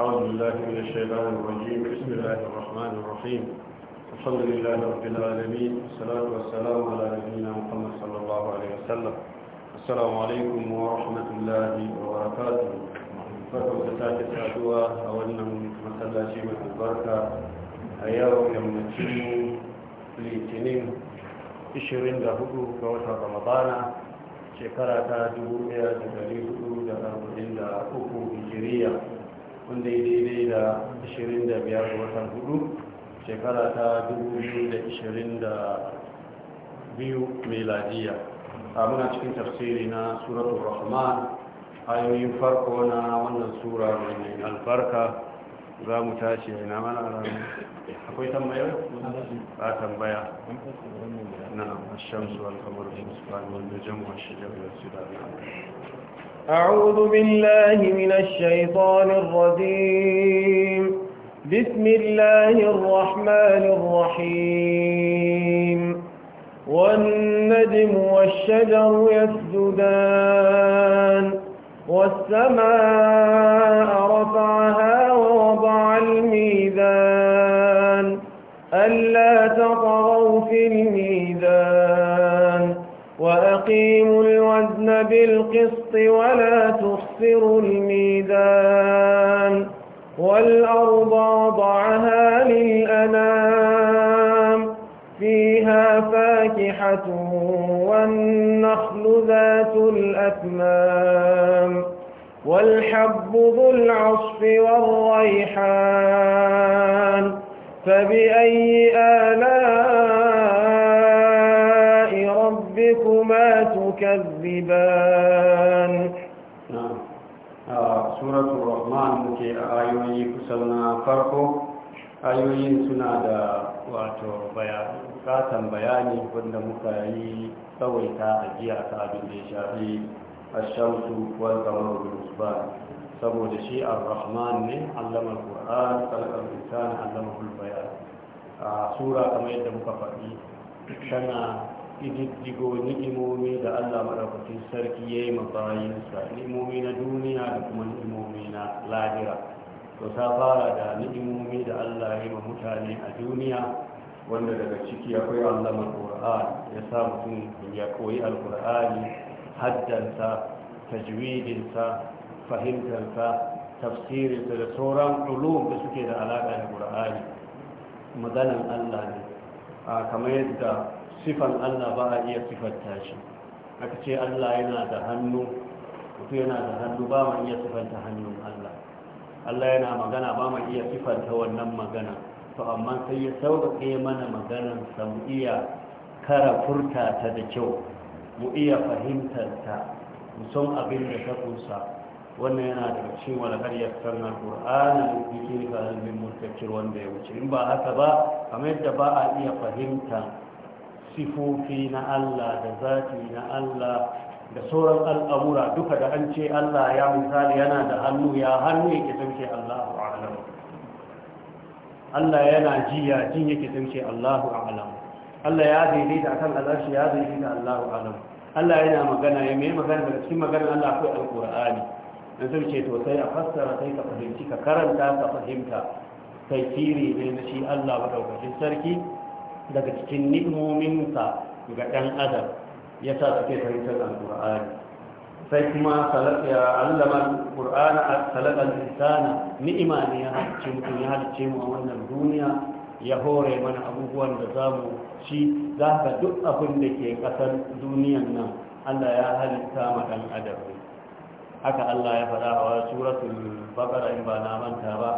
أعوذ بالله من الشيطان الرجيم بسم الله الرحمن الرحيم الحمد لله رب العالمين والصلاة والسلام على نبينا محمد صلى الله عليه وسلم السلام عليكم ورحمة الله وبركاته farko da sake saduwa a wannan masallaci mai albarka a yau yammacin litinin 24 ga watan ramadana shekara ta 1443 hijiriya wanda ya daidai da 25 ga watan 4 shekara ta 2022 meladiya a muna cikin tafsiri na suratul rahman ayoyin farko na wannan sura mai albarka za mu tashi na mana ranar akwai tambaya? a tambaya na shamsu alkamar musulman wanda jamuwa shi da su da أعوذ بالله من الشيطان الرجيم بسم الله الرحمن الرحيم والنجم والشجر يسجدان والسماء رفعها ووضع الميزان ألا تطغوا في الميزان وأقيموا الوزن بالقسط ولا تخسروا الميزان والأرض وضعها للأنام فيها فاكحة والنخل ذات الأكمام والحب ذو العصف والريحان فبأي آلام تكذبان سورة الرحمن مكي آيوي كسلنا farko. ayoyin suna da wato bukatan bayani wanda muka yi tsawaita a jiya ta abin da ya shafi ashamsu wal kamaru bil usban saboda shi ar-rahman ne allama al-qur'an khalaqal insana allamahu al a sura kamar yadda muka faɗi tana ididdigo ni'imomi da Allah madaukakin sarki ya yi mabayinsa ni'imomi na duniya da kuma ni'imomi na lahira to ta fara da ni'imomi da Allah ya yi ma mutane a duniya wanda daga ciki akwai allama al ya sa mutum ya koyi al-Qur'ani haddansa tajwidinsa fahimtarsa tafsirinsa da sauran ulum da suke da alaƙa da Qur'ani maganan Allah ne kamar yadda sifan Allah ba a iya sifanta shi aka ce Allah yana da hannu mutu yana da hannu ba ma iya sifanta hannun Allah Allah yana magana ba ma iya sifanta wannan magana to amma sai ya sauƙaƙe mana maganar sa mu iya kara furta ta da kyau mu iya fahimtar ta mu san abin da ta kusa wannan yana da cikin wani yakkar sannan qur'ana da yake ga halin wanda ya wuce in ba haka ba kamar yadda ba a iya fahimta sifofi na Allah da zafi na Allah da sauran al'amura duka da an ce Allah ya misali yana da hannu ya hannu yake tamce Allahu a'lam Allah yana ji ya jin yake tamce Allahu a'lam Allah ya daidaita akan alashi ya daidaita Allahu a'lam Allah yana magana ya mai magana daga cikin maganar Allah akwai alqur'ani dan sai ce to sai a fassara sai ka fahimci ka karanta ka fahimta tafsiri ne na shi Allah madaukakin sarki daga cikin ni'imominsa ga ɗan adam ya sa suke fahimtar alƙur'ani sai kuma allama al-ƙur'ani a salakar insana ni'ima ne ya halice mutum ya halice mu a wannan duniya ya hore mana abubuwan da za mu ci za ka duk abin da ke ƙasar duniyan nan allah ya halitta ma ɗan adam haka allah ya faɗa a wasu suratul baƙara in ba na manta ba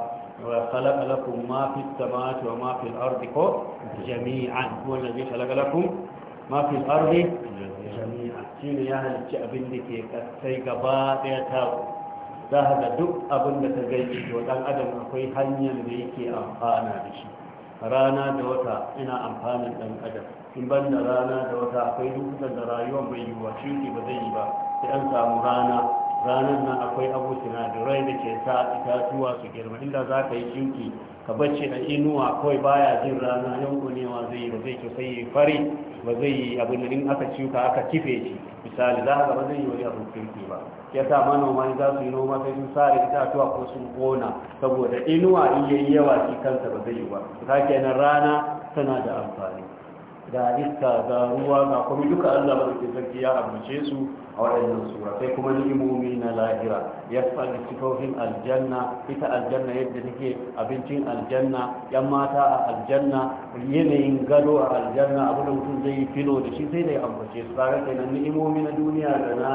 wa khalaqa lakum ma fis samawati wa ma fil ardi ko jami'an wanda zai halaga lakum ma fi ardi shine ya halicci abin da ke kasai gaba daya za a ga duk abin da ta gani to dan adam akwai hanyar da yake amfana da shi rana da wata ina amfanin dan adam in ban da rana da wata akwai lokutan da rayuwar mai yiwuwa shi ba zai yi ba sai an samu rana ranar nan akwai abu sinadarai da ke sa itatuwa su girma inda za ka yi shinki ka bacci a inuwa kawai baya jin rana yankunewa zai ba zai kyau yi fari ba zai yi abin da in aka ciwo aka kife shi misali za ka ba zai yi wani abin kirki ba ya sa manoma za su yi noma sai sun sare itatuwa ko sun gona saboda inuwa in yayi yawa shi kansa ba zai yi ba ka kenan rana tana da amfani ga iska ga ruwa ga kuma duka Allah ba ke sarki ya amince su a waɗannan sura sai kuma ni'imomi na lahira ya fadi sifofin aljanna ita aljanna yadda take abincin aljanna yan mata a aljanna yanayin gado a aljanna abu da mutum zai yi filo da shi sai da ya ambace su tare kenan ni'imomi na duniya da na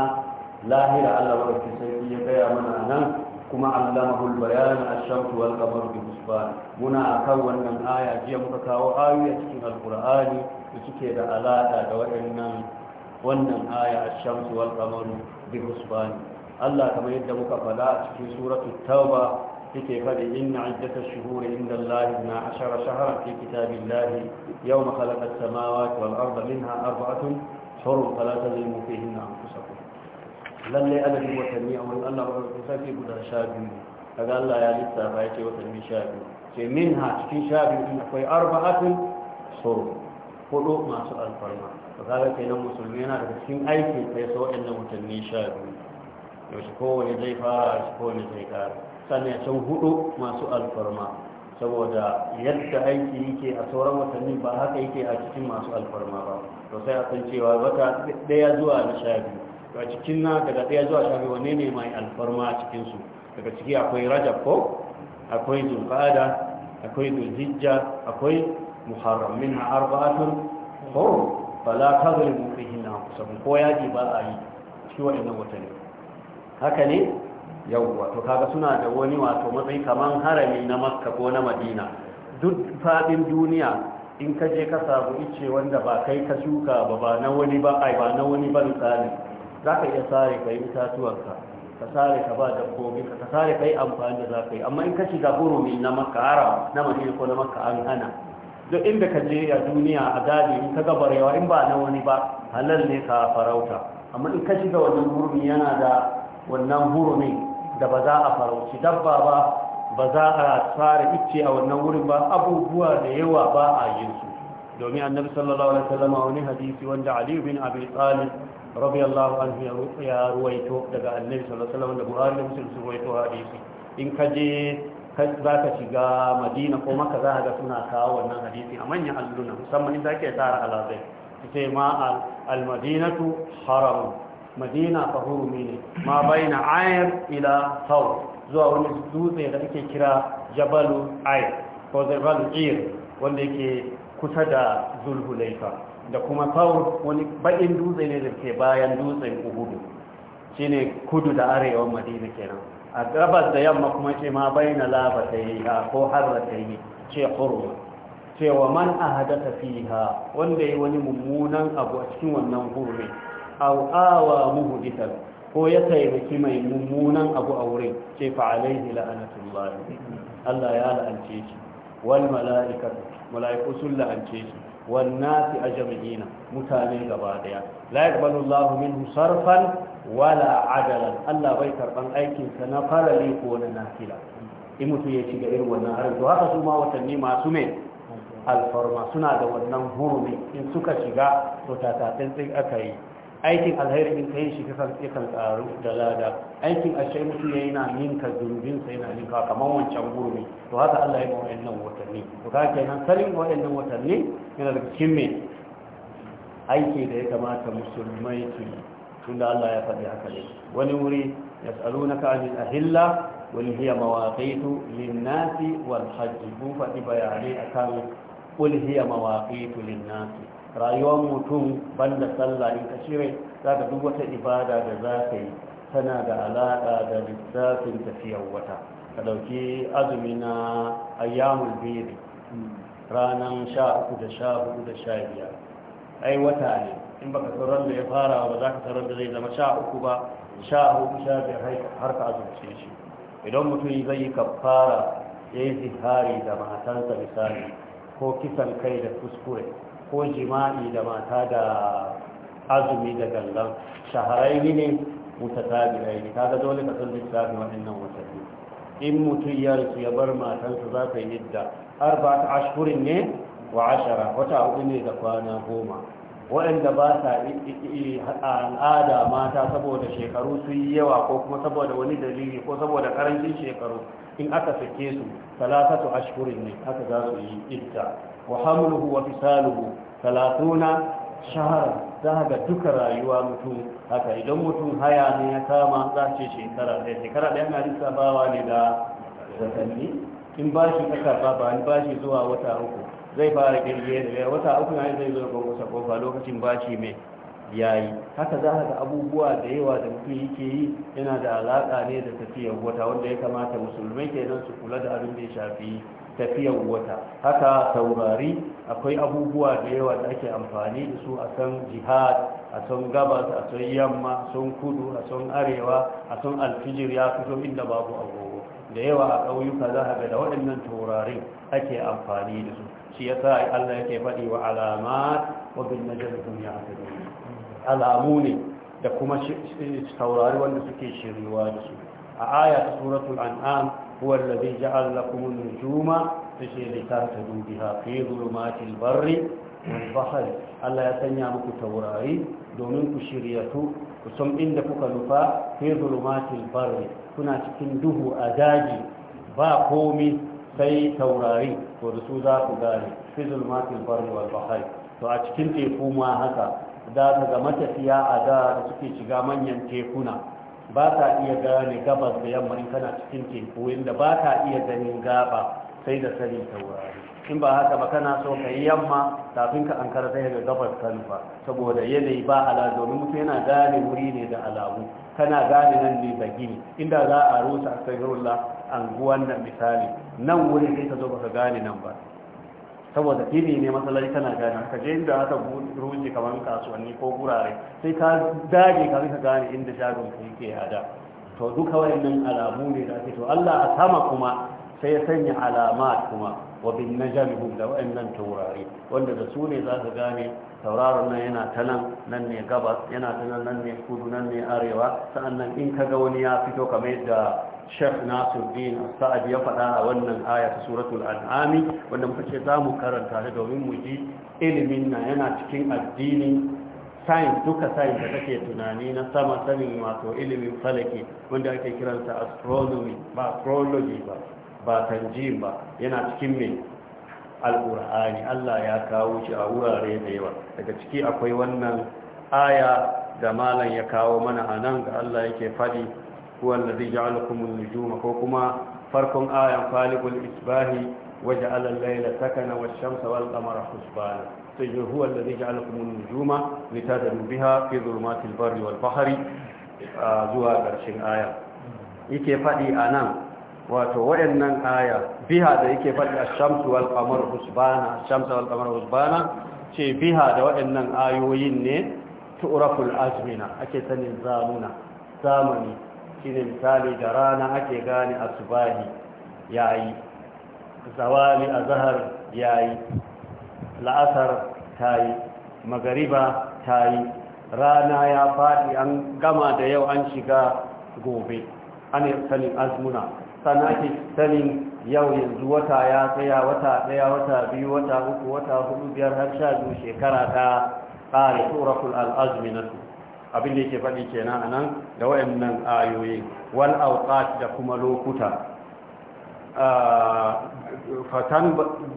lahira Allah ba ke sarki ya gaya mana nan kuma allamahul bayan ash-shams wal qamar bi muna akan wannan aya jiya muka kawo ayoyi a cikin alqur'ani da suke da alaƙa da waɗannan wannan aya a shamsu wal kamaru bi husbani Allah kamar yadda muka faɗa a cikin suratul tauba yake faɗi inna iddatash shuhuri inda Allah na ashara shahran fi kitabillahi lahi. Yau as-samawati wal arda minha arba'atun hurum fala tazlimu fihinna anfusakum lalle adadin watanni a wurin Allah ba ku sake guda sha biyu kaga Allah ya lissafa ya ce watanni sha biyu ce minha cikin sha biyu akwai arba'atun hurum hudu masu alfarma ba za ka kenan musulmi yana da cikin aikin sai sau waɗannan watanni sha biyu yaushe kowane zai fara shi zai kara sannan ya san hudu masu alfarma saboda yadda aiki yake a sauran watanni ba haka yake a cikin masu alfarma ba to sai a san cewa wata ɗaya zuwa na sha biyu a cikin na daga ɗaya zuwa sha biyu wanne ne mai alfarma a cikinsu daga ciki akwai rajab ko akwai zulfada akwai zulhijja akwai muharram min arba'atun hurum fala tazlimu fihinna anfusakum ko yaji ba a yi shi wa'annan watanni haka ne yawwa to kaga suna da wani wato matsayi kaman harami na makka ko na madina duk fadin duniya in ka je ka samu ice wanda ba kai ka shuka ba ba na wani ba ai ba na wani ba misali za ka iya sare ka yi itatuwanka ka sare ka ba dabbobi ka sare ka yi amfani da za ka yi amma in ka shiga hurumi na Makka makara na madina ko na makka an hana duk inda ka je a duniya a in ka gabarewa in ba na wani ba halal ne ka farauta amma in ka shiga wannan hurumi yana da wannan hurumin da ba za a farauci dabba ba ba za a tsara icce a wannan wurin ba abubuwa da yawa ba a yin su domin annabi sallallahu alaihi wasallam wani hadisi wanda ali bin abi talib radiyallahu anhu ya ruwaito daga annabi sallallahu alaihi wasallam da buhari da muslim su ruwaito hadisi in ka je za ka shiga madina ko maka za ga suna kawo wannan hadisi a manyan alluna musamman inda ake tsara alazai ita ma al-madinatu haramu. madina fa hurumi ne ma baina ayar ila thawr zuwa wani dutse da ake kira jabalu ayr ko jabalu ir wanda yake kusa da zulhulaifa da kuma thawr wani bakin dutse ne da ke bayan dutsen uhudu shine kudu da arewa madina kenan a gabas da yamma kuma ce ma baina labatayiha ko yi ce ce cewa man fi ha wanda yi wani mummunan abu a cikin wannan hurme aw awa muhdithan ko ya taimaki mai mummunan abu a wurin ce fa alaihi la'anatullah Allah ya la'ance shi wal mala'ikatu mala'iku sun la'ance shi wan nasi ajma'ina mutane gaba daya la yaqbalu Allahu minhu sarfan wala adalan Allah bai karban aikinsa na farale ko na nafila in mutum ya shiga irin wannan harin to haka su ma watanni masu mai alfarma suna da wannan hurumi in suka shiga to tatatin tsin aka yi aikin alheri in ka yi shi kasan tsikan tsaro da lada aikin ashe mutum ya yana ninka zunubinsa yana ninka kamar wancan hurumi to haka Allah ya ma wa'annan watanni to ka kenan salin wa'annan watanni yana da cikin mai aiki da ya kamata musulmai su yi tunda Allah ya faɗi haka ne wani wuri yas'alunaka anil ahilla wal hiya mawaqitu lin-nasi wal hajji. ku faɗi bayani akan qul hiya mawaqitu rayuwar mutum banda sallah in ka Za ka duk wata ibada da zaka yi tana da alaƙa da lissafin tafiyar wata ka ɗauki azumi na ayyamul biri ranar sha uku da sha hudu da sha biyar ai wata ne in baka san da ya fara ba za ka san da zai zama sha uku ba sha hudu sha biyar har ka azumce shi idan mutum zai yi kafara ya yi zihari da matansa misali ko kisan kai da kuskure ko jima'i da mata da azumi da gallan shaharaini ne wuta ta yi ta ga dole ka san lissafi waɗannan watanni in mutum ya ya bar matansa za ka yi ba ta ashirin ne wa ashara wata uku ne da kwana goma waɗanda ba sa al'ada mata saboda shekaru su yi yawa ko kuma saboda wani dalili ko saboda karancin shekaru in aka sake su talatatu ashkurin ne aka za su yi idda wa hamluhu wa fisaluhu talatuna shahara za ga duka rayuwa mutum haka idan mutum haya ne ya kama za ce shekara ɗaya shekara ɗaya na bawa ne da watanni in ba ka karba ba in shi zuwa wata uku zai fara girge daga wata uku na zai zo ga wata kofa lokacin bashi mai yayi haka za ga abubuwa da yawa da mutum yake yi yana da alaƙa ne da tafiyar wata wanda ya kamata musulmai ke nan su kula da abin da ya shafi tafiyar wata haka taurari akwai abubuwa da yawa da ake amfani da su a san jihad a san gabas a san yamma a san kudu a san arewa a san alfijir ya fito inda babu agogo da yawa a ƙauyuka za a ga da waɗannan taurarin ake amfani da su shi ya sa Allah yake faɗi wa alamat wa bin najarum ya hadu alamu ne da kuma taurari wanda suke shiriwa da su a aya ta suratul an'am huwa alladhi ja'ala da an-nujuma tashtadu biha fi dhulumatil barri wal Allah ya sanya muku taurari domin ku shiryatu ku san inda kuka nufa fi dhulumatil barri kuna cikin duhu a daji ba komi sai taurari to da su za ku gane fi zulmatin barni wal to a cikin teku ma haka da ta ga matafiya a da da suke shiga manyan tekuna ba ta iya gane gabas da yamma in kana cikin teku inda ba ta iya ganin gaba sai da sanin taurari in ba haka ba kana so ka yi yamma kafin ka an karasa ga gabas kan saboda yanayi ba ala domin mutum yana gane wuri ne da alamu kana gane nan ne da gini inda za a rusa a an anguwan nan misali nan wuri sai ka zo ba ka gane nan ba saboda gini ne matsalari kana gane ka je inda aka ruce kamar kasuwanni ko gurare sai ka dage kafin ka gane inda shagon ka yake hada to duka wayannan alamu ne da ake to Allah a sama kuma sai ya sanya alama kuma wa bin najami da wa'annan taurari wanda da su ne za ka gane tauraron nan yana ta nan nan ne gabas yana ta nan nan ne kudu nan ne arewa sa'annan in ka ga wani ya fito kamar yadda Sheikh Nasiruddin Sa'ad ya faɗa a wannan aya ta suratul an'ami wanda muka ce za mu karanta ta domin mu ji ilimin na yana cikin addini science duka science da take tunani na sama sanin wato ilimin falaki wanda ake kiransa astronomy ba astrology ba ba tanjim ba yana cikin mai alƙur'ani Allah ya kawo shi a wurare da yawa daga ciki akwai wannan aya da malam ya kawo mana a nan ga Allah yake faɗi huwan da zai ja'alakumun nujuma ko kuma farkon ayan falikul isbahi waje alallaila sakana wa shamsa wal qamara husbana sai je huwan da zai ja'alakumun nujuma litadaru biha fi zulumatil barri wal bahri zuwa ƙarshen aya yake faɗi a nan wato wayannan aya biha da yake faɗi ash-shamsu wal qamaru husbana ash-shamsu wal qamaru husbana ce biha da wayannan ayoyin ne tu'raful azmina ake sanin zamuna zamani shine misali da rana ake gane asbahi yayi zawali azhar yayi la'asar tayi magariba tayi rana ya faɗi an gama da yau an shiga gobe ana sanin azmuna sannan sanin yau yanzu wata ya tsaya wata ɗaya wata biyu wata uku wata hudu biyar har sha biyu shekara ta ƙare turakul al'azminatu abin da yake faɗi ke a nan da wayannan ayoyi wal awqat da kuma lokuta ah, fatan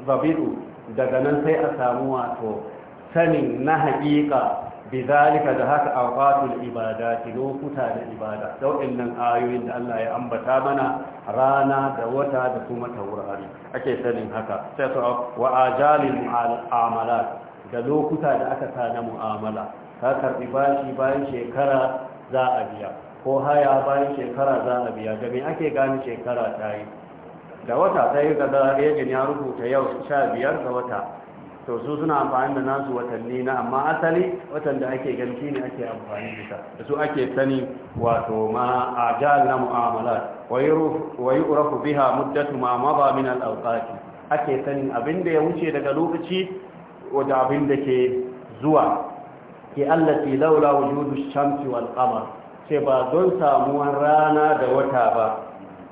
zabiru daga nan sai a samu wato sanin na haƙiƙa bizalika da haka awqatul ibadati lokuta da ibada sau nan ayoyin da Allah ya ambata mana rana da wata da kuma taurari ake sanin haka sai wa ajalil mu'amalat da lokuta da aka sa na mu'amala ka karbi bashi bayan shekara za a biya ko haya bayan shekara za a biya da me ake gane shekara ta da wata sai yi gaza ya rubuta yau sha biyar ga wata to su suna amfani da nasu watanni na amma asali watan da ake ganci ne ake amfani da da su ake sani wato ma jihar na mu'amalat wa yu'rafu biha muddatu ma maba min al ake sani. abin da ya wuce daga lokaci wajen abin da ke zuwa ke allafi laula wujudu shamsi wal qamar sai ba don samuwar rana da wata ba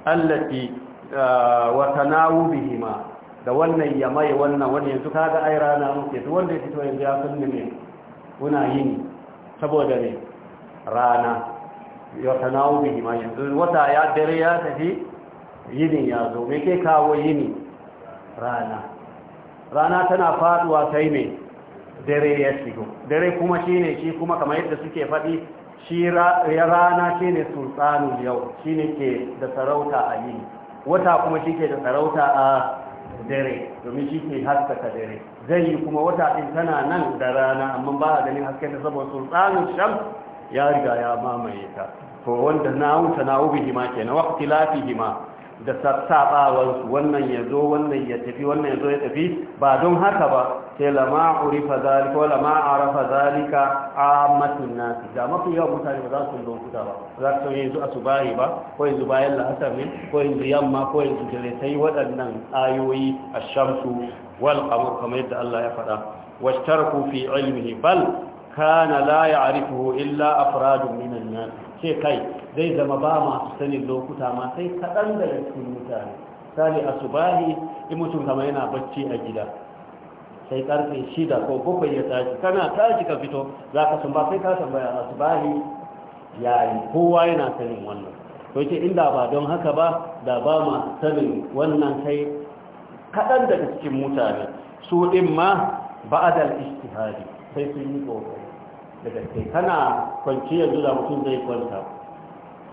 allati ah, wa bihima da wannan ya mai wannan wani yanzu kaga aira na muke duk wanda ya fito yanzu ya sun nime kuna yini saboda ne rana ya tanawu bihi ma yanzu wata ya dare ya tafi yini ya zo me ke kawo yini rana rana tana faduwa sai ne dare ya shigo dare kuma shine shi kuma kamar yadda suke faɗi shi rana ne sultanul yau ne ke da sarauta a yini wata kuma shi ke da sarauta a dare domin shi ke haskaka dare zai yi kuma wata ɗin tana nan da rana amma ba a ganin hasken ta saboda sultanin sham ya riga ya mamaye ta to wanda na wuta na ubi hima ke na wakti hima da sassaɓawarsu wannan ya zo wannan ya tafi wannan ya zo ya tafi ba don haka ba sai lama urifa zalika wala ma arafa a ammatun nasi da mafi yawan mutane ba za su don kuda ba za su yi yanzu asubahi ba ko yanzu bayan la'asar ne ko yanzu yamma ko yanzu dare sai waɗannan ayoyi ash-shamsu wal qamar kamar yadda Allah ya faɗa washtarku fi ilmihi bal kana la ya'rifuhu illa afradun minan nas ce kai zai zama ba masu sanin lokuta ma sai kaɗan da cikin mutane sali a subahi in mutum kama yana bacci a gida sai karfe shida ko bakwai ya tashi kana tashi ka fito za ka sun ba sai ka bayan a subahi yi kowa yana sanin wannan to ce inda ba don haka ba da ba ma sanin wannan sai kaɗan daga cikin mutane su ɗin ma ba'adal istihadi sai sun yi ƙoƙari da gaske kana kwanci zuwa mutum zai kwanta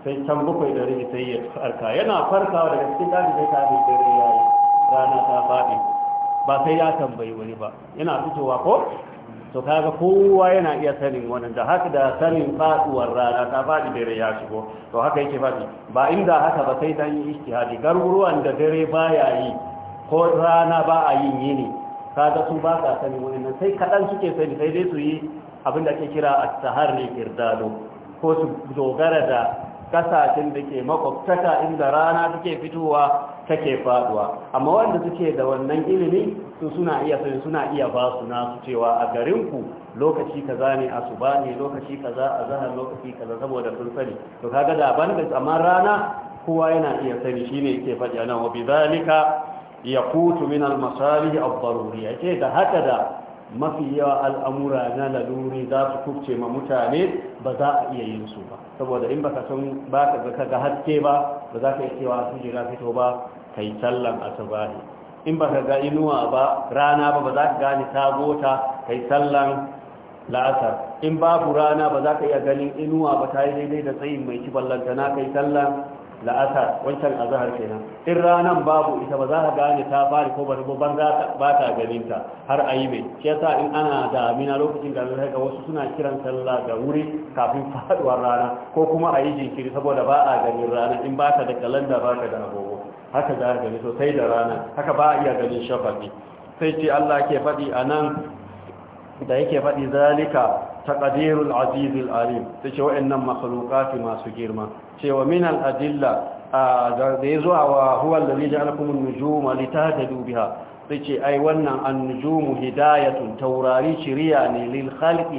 sai can bakwai da rabi sai ya farka yana farkawa daga cikin daji sai ta mai dare ya yi rana ta faɗi ba sai ya tambayi wani ba yana fitowa ko to kaga kowa yana iya sanin wannan da haka da sanin faɗuwar rana ta faɗi dare ya shigo to haka yake faɗi ba inda haka ba sai dan yi ijtihadi garuruwan da dare baya yi ko rana ba a yin yini kaga su ba sa sanin wannan sai kaɗan suke sani sai dai su yi abin da ake kira at-taharri irdado ko su dogara da kasashen da ke makwabtaka inda rana take fitowa take faduwa amma wanda suke da wannan ilimi su suna iya suna iya ba su nasu cewa a garin ku lokaci kaza ne a suba ne lokaci kaza a zahar lokaci kaza saboda sun sani to kaga da ban da amma rana kowa yana iya sani shine yake faɗi anan wa zalika yaqutu min al-masalih ad-daruriyya ce da haka da mafi yawa al'amura na laluri za su kufce ma mutane ba za a iya yin su ba saboda in baka san ba ka ga haske ba ba za ka yi cewa su jira fito ba ka yi sallan asubahi in baka ga inuwa ba rana ba ba za ka gane ta gota ka yi sallan la'asar in babu rana ba za ka iya ganin inuwa ba ta yi daidai da tsayin mai ci na ka yi sallan la'asar wancan azahar kenan in ranan babu ita ba za ka gane ta fari ko bari ban za ta ba ta ganin ta har a yi mai shi yasa in ana da amina lokacin da zai ga wasu suna kiran sallah da wuri kafin faduwar rana ko kuma a yi jinkiri saboda ba a ganin rana in ba ta da kalanda ba ka da agogo haka za ka gani sosai da rana haka ba a iya ganin shafafi sai ce Allah ke faɗi a nan da yake faɗi zalika تقدير العزيز العليم تشو إن مخلوقات ما سجير ما شو من الأدلة ذيزوا وهو الذي جعلكم النجوم لتهتدوا بها تشي أي ون النجوم هداية توراري شريان للخلق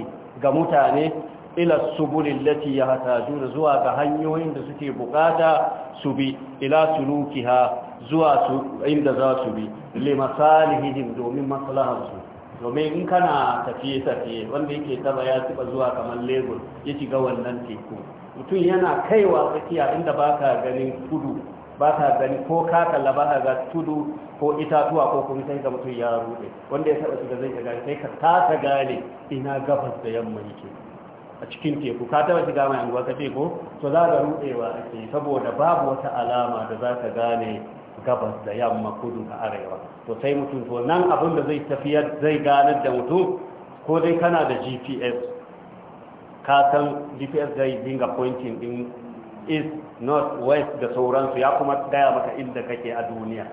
قمتاني إلى السبل التي يهتاجون زوا بهنيوين دسكي بقاتا سبي إلى سلوكها زوا عند ذا سبي لمصالحهم دومين مصلحة domin in kana tafiye-tafiye wanda yake taba ya taba zuwa kamar lagos ya shiga wannan teku mutum yana kaiwa tsakiya inda ba ka ganin tudu ba ka gani ko kakalla ba ka ga tudu ko itatuwa ko kuma sai ga mutum ya rude wanda ya saba shiga zai ga gane sai ka tata gane ina gabas da yamma yake a cikin teku ka taba shiga mai anguwa ka ko, to za ka rudewa ake saboda babu wata alama da za ka gane gabas da yamma kudu da arewa to sai mutum to nan abin da zai tafiyar zai ganar da mutum ko dai kana da gps ka san gps zai dinga pointing din east north west da sauransu ya kuma gaya maka inda kake a duniya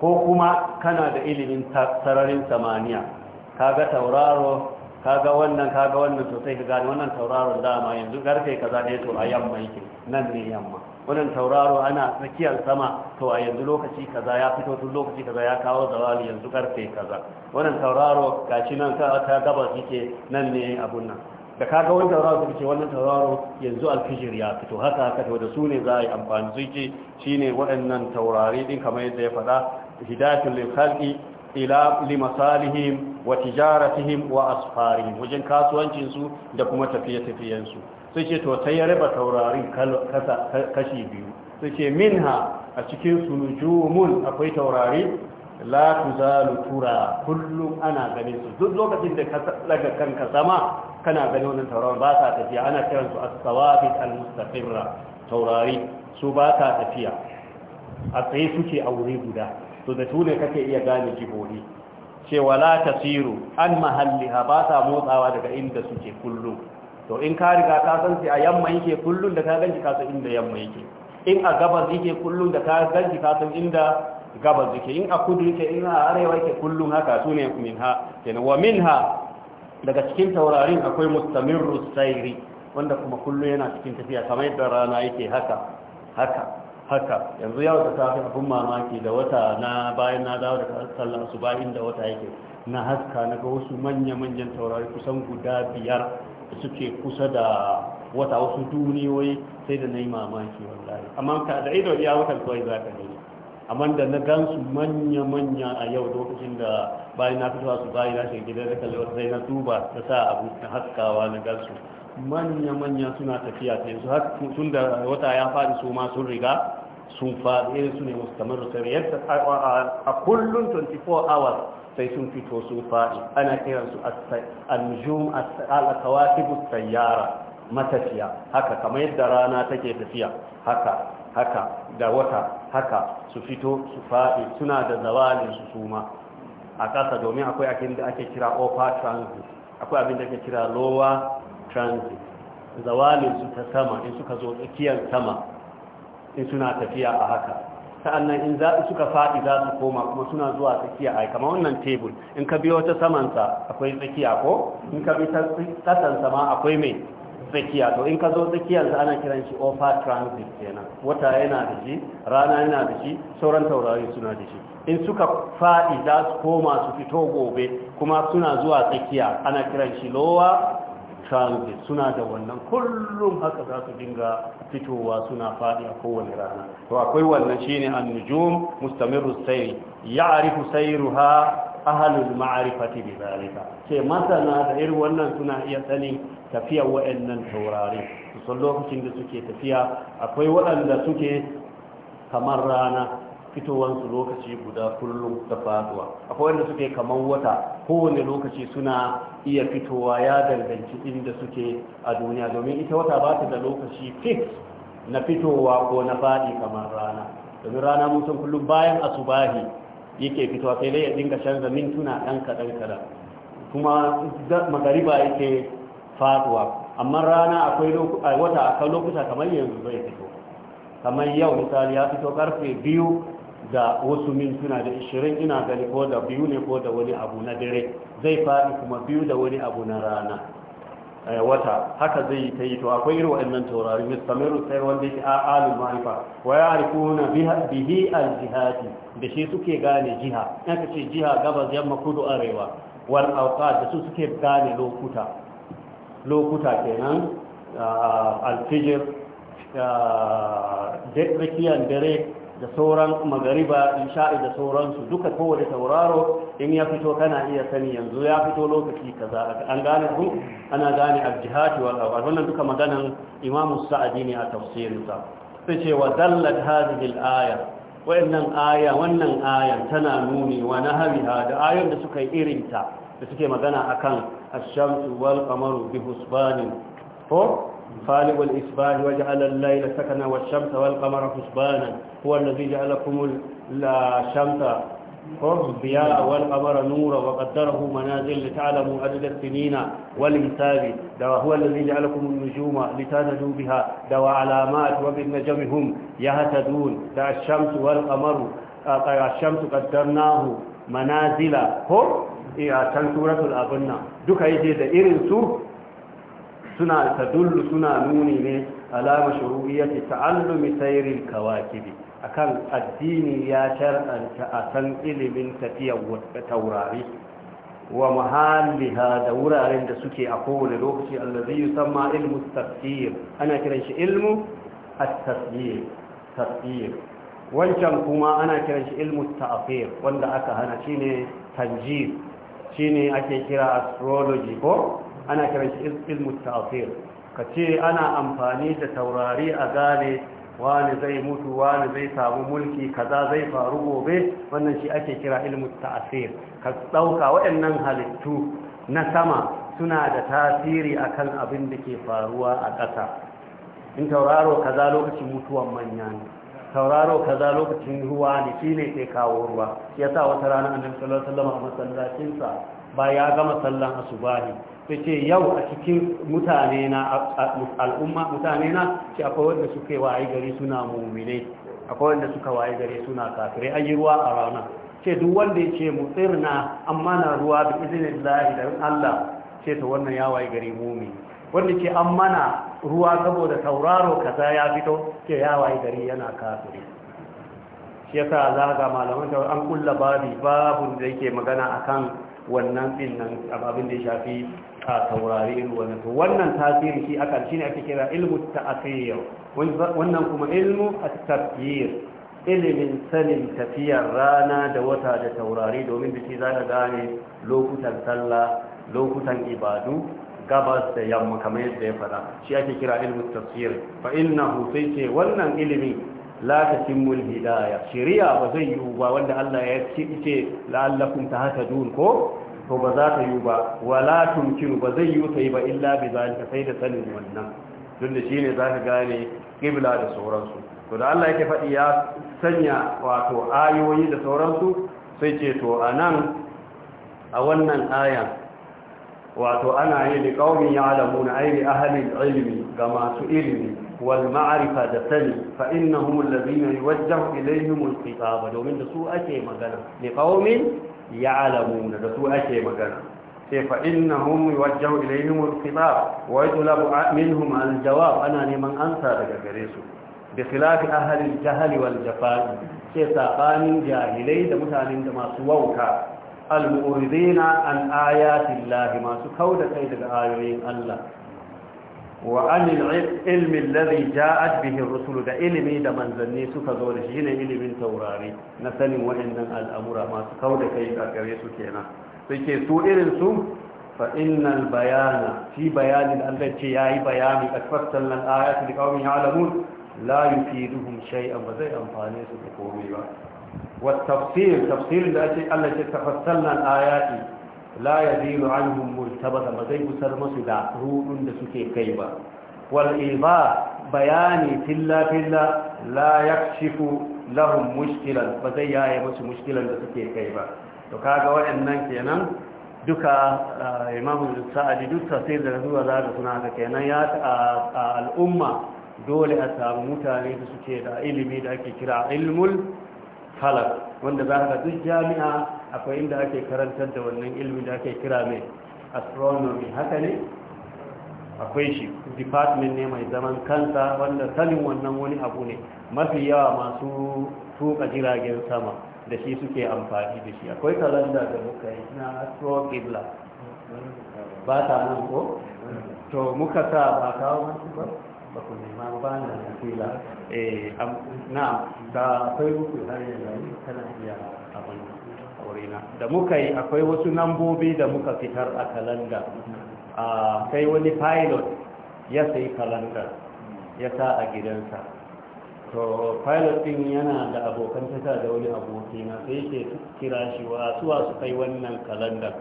ko kuma kana da ilimin sararin samaniya Ka ga tauraro kaga wannan ga wannan sosai ka gane wannan tauraron dama yanzu garfe kaza ne to a yamma yake nan ne yamma wannan tauraro ana tsakiyar sama to a yanzu lokaci kaza ya fito tun lokaci kaza ya kawo zawali yanzu karfe kaza wannan tauraro gashi nan ta ta gabas yake nan ne abun nan da kaga wani tauraro su ce wannan tauraro yanzu alfijir ya fito haka haka to da su ne za a yi amfani su ce shine waɗannan taurari din kamar yadda ya faɗa hidayatul lil khalqi ila limasalihim wa tijaratihim wa asfarihim wajen kasuwancin su da kuma tafiye-tafiyen su sai ce to sai ya raba taurarin kashi biyu sai ce minha a cikin sunujumun akwai taurari la tuzalu tura kullum ana ganin su duk lokacin da ka daga kanka sama kana ganin wannan tauraron ba tafiya ana kiran su as-sawabit al-mustaqirra taurari su ba tafiya a tsaye suke a wuri guda to da su kake iya gane jihohi cewa la tasiru an mahalliha ba motsawa daga inda suke kullum to in ka riga ka san sai a yamma yake kullun da ka ganki ka san inda yamma yake in a gabas yake kullun da ka ganki ka san inda gabas yake in a kudu yake in a arewa yake kullun haka sune minha kenan wa minha daga cikin taurarin akwai mustamirru sayri wanda kuma kullun yana cikin tafiya kamar yadda rana yake haka haka haka yanzu yau da safi abin mamaki da wata na bayan na dawo da sallah su bayan da wata yake na haska na ga wasu manya-manyan taurari kusan guda biyar Su suke kusa da wata wasu duniyoyi sai da na yi mamaki wallahi amma ka da ido ya wata kawai za ka gani amma da na gansu manya-manya a yau lokacin da bayan na fitowa su bayan na shi gidan da kalli sai na duba ta sa abu na haskawa na gansu manya-manya suna tafiya ta yanzu tun da wata ya faɗi su ma sun riga sun faɗi irin eh, su ne mustamar rusari yadda a kullum 24 hours sai sun fito sun faɗi ana kiransu al-nujum al-kawatibu sayyara matafiya haka kamar yadda rana take tafiya haka haka da wata haka su fito su faɗi suna da zawalin su suma a ƙasa domin akwai abin da ake kira opa transit akwai abin da ake kira lower transit zawalin su ta sama in suka zo tsakiyar sama in suna tafiya a haka sa'annan in za suka faɗi za su koma kuma suna zuwa tsakiya a kamar wannan tebul in ka biyo ta samansa akwai tsakiya ko in ka bi tsakansa ma akwai mai tsakiya to in ka zo tsakiyarsa ana kiran shi offer transit kenan wata yana da shi rana yana da shi sauran taurari suna da shi in suka faɗi za su koma su fito gobe kuma suna zuwa tsakiya ana kiran shi lower transit suna da wannan kullum haka za su dinga fitowa suna faɗi a kowane rana to akwai wannan shine annujum nujum mustamiru sayr ya'rifu sayruha ahlul ma'rifati bi zalika Sai masana da irin wannan suna iya sanin tafiyar waɗannan taurari sun lokacin da suke tafiya akwai waɗanda suke kamar rana fitowansu lokaci guda kullum da faduwa akwai wanda suke kamar wata kowane lokaci suna iya fitowa ya danganci inda suke a duniya domin ita wata ba ta da lokaci fix na fitowa ko na faɗi kamar rana domin rana mutum kullum bayan asubahi yake fitowa sai dai ya dinga canza mintuna ɗan kaɗan kaɗan kuma magariba yake faduwa amma rana akwai wata akan lokuta kamar yanzu zai fito kamar yau misali ya fito karfe biyu da wasu mintuna da 20 ina gani ko da biyu ne ko da wani abu na dare zai faɗi kuma biyu da wani abu na rana eh, wata haka zai yi ta yi to akwai irin wa'annan taurari Samiru sai wanda yake alul ah, ma'rifa wa ya'rifuna bihi al-jihadi da shi suke gane jiha ka ce jiha gabas yamma kudu arewa wal awqat da su suke gane lokuta lokuta kenan ah, al-fijr ah, da dare da sauran magariba isha'i da sauransu duka kowane tauraro in ya fito kana iya sani yanzu ya fito lokaci kaza an gane ku ana gane al-jihati wal awal wannan duka maganan Imam Sa'di ne a tafsirinsa sai ce wa dallat hadhihi al-aya wannan aya wannan aya tana nuni wa nahariha da ayoyin da suka yi irinta da suke magana akan ash-shamsu wal qamaru bi husbanin ko خالق الإصباح وجعل الليل سكنا والشمس والقمر حسبانا هو الذي جعلكم الشمس ضياء والقمر نورا وقدره منازل لتعلموا عدد السنين والحساب هو الذي جعلكم النجوم لتهتدوا بها دوا علامات وبالنجم هم يهتدون دا الشمس والقمر الشمس قدرناه منازل هو a can suratul abin nan duka yake da irin su suna ta dullu suna nuni ne alama shuru'iyyati ta'allumi sairin kawakibi akan addini ya shar'anta a san ilimin tafiyar taurari wa muhalliha da wuraren da suke a kowane lokaci allazi yusamma ilmu tafsir ana kiran shi ilmu at-tafsir tafsir wancan kuma ana kiran shi ilmu ta'fir wanda aka hana shine tanjir shine ake kira astrology ko ana kiran shi ilmu ta'afir ka ce ana amfani da taurari a gane wani zai mutu wani zai samu mulki kaza zai faru gobe wannan shi ake kira ilmu ta'afir ka ɗauka waɗannan halittu na sama suna da tasiri akan abin da ke faruwa a ƙasa in tauraro kaza lokacin mutuwan manya ne tauraro kaza lokacin ruwa ne shi ne ke kawo ruwa ya sa wata rana annabi sallallahu alaihi wasallam a masallacinsa ba ya gama sallan asubahi ya ce yau a cikin mutane na al'umma mutane na ce akwai wanda suka waye gari suna mummine akwai wanda suka waye gari suna kafirai an yi ruwa a rana ce duk wanda ya ce mutsirna amma na ruwa da izinin lahi da Allah ce ta wannan ya waye gari mummi, wanda ce an mana ruwa saboda tauraro kaza ya fito ce ya waye gari yana kafirai shi yasa za ga malaman ta an kulla babi babu da yake magana akan wannan din nan abin da ya shafi a saurare ruwan to wannan tasiri shi aka shi ne ake kira ilmu ta'akhir wannan kuma ilmu at tafiyar. ilimin sanin tafiyar rana da wata da taurari domin da shi zaka gane lokutan sallah lokutan ibadu gabas da yamma kamar yadda ya fada shi ake kira ilmu tafiyar. fa innahu sai ce wannan ilimi la tatimul hidayah shari'a ba zai yiwu ba wanda Allah ya ce la'allakum tahtadun ko to ba za ta yi ba wala tumkin ba zai yi ta yi ba illa bi zalika sai da sanin wannan don da ne za ka gane qibla da sauransu to da Allah yake faɗi ya sanya wato ayoyi da sauransu sai ce to nan, a wannan ayan wato ana yi da kaumin ya alamuna ainihin ahalin ilimi ga masu ilimi والمعرفة دسني فإنهم الذين يوجه إليهم الخطاب دومين دسو أشي مغانا لقوم يعلمون دسو أشي مغانا فإنهم يوجه إليهم الخطاب ويطلب منهم الجواب أنا لمن أنسى لكريسو بخلاف أهل الجهل والجفاء سيساقان جاهلي دمتان دما سووكا المؤرذين عن آيات الله ما سكودة إذا آيوين الله wa anil ilmi alladhi ja'at bihi ar-rusulu da ilimi da manzanni suka zo da shi ne ilimin taurari na sanin waɗannan al'amura masu kauda kai a gare su kenan suke su irin su fa innal bayana fi bayanin Allah ce yayi bayani kad fassalna al-ayati liqaumin ya'lamun la yufiduhum shay'an ba zai amfane su da komai ba wa tafsir tafsir da ake Allah ce tafassalna ayati la yazilu anhum murtabata ba zai kusar masu da rudun da suke kai ba wal bayani tilla tilla la yakshifu lahum mushkilan ba zai yaye masu mushkilan da suke kai ba to kaga waɗannan kenan duka imamu sa'adi duk tafsir da zuwa zaka suna haka kenan ya al'umma dole a samu mutane da suke da ilimi da ake kira ilmul falak wanda za ka duk jami'a akwai inda ake karantar da wannan ilmi da ake kira mai astronomy haka ne akwai shi department ne mai zaman kansa wanda sanin wannan wani abu ne mafi yawa masu tuka jiragen sama da shi suke amfani da shi akwai kalanda da muka yi na astro kibla ba ta nan ko to muka sa ba kawo masu ba ba ku nema ba na fila eh na da akwai ruku har yanzu kana iya haƙurina da muka yi akwai wasu nambobi da muka fitar a kalanda sai wani pilot ya sai kalandar ya sa a gidansa to pilot din yana da abokan tata da wani abokina sai ke kira shi wa suwa su kai wannan kalandar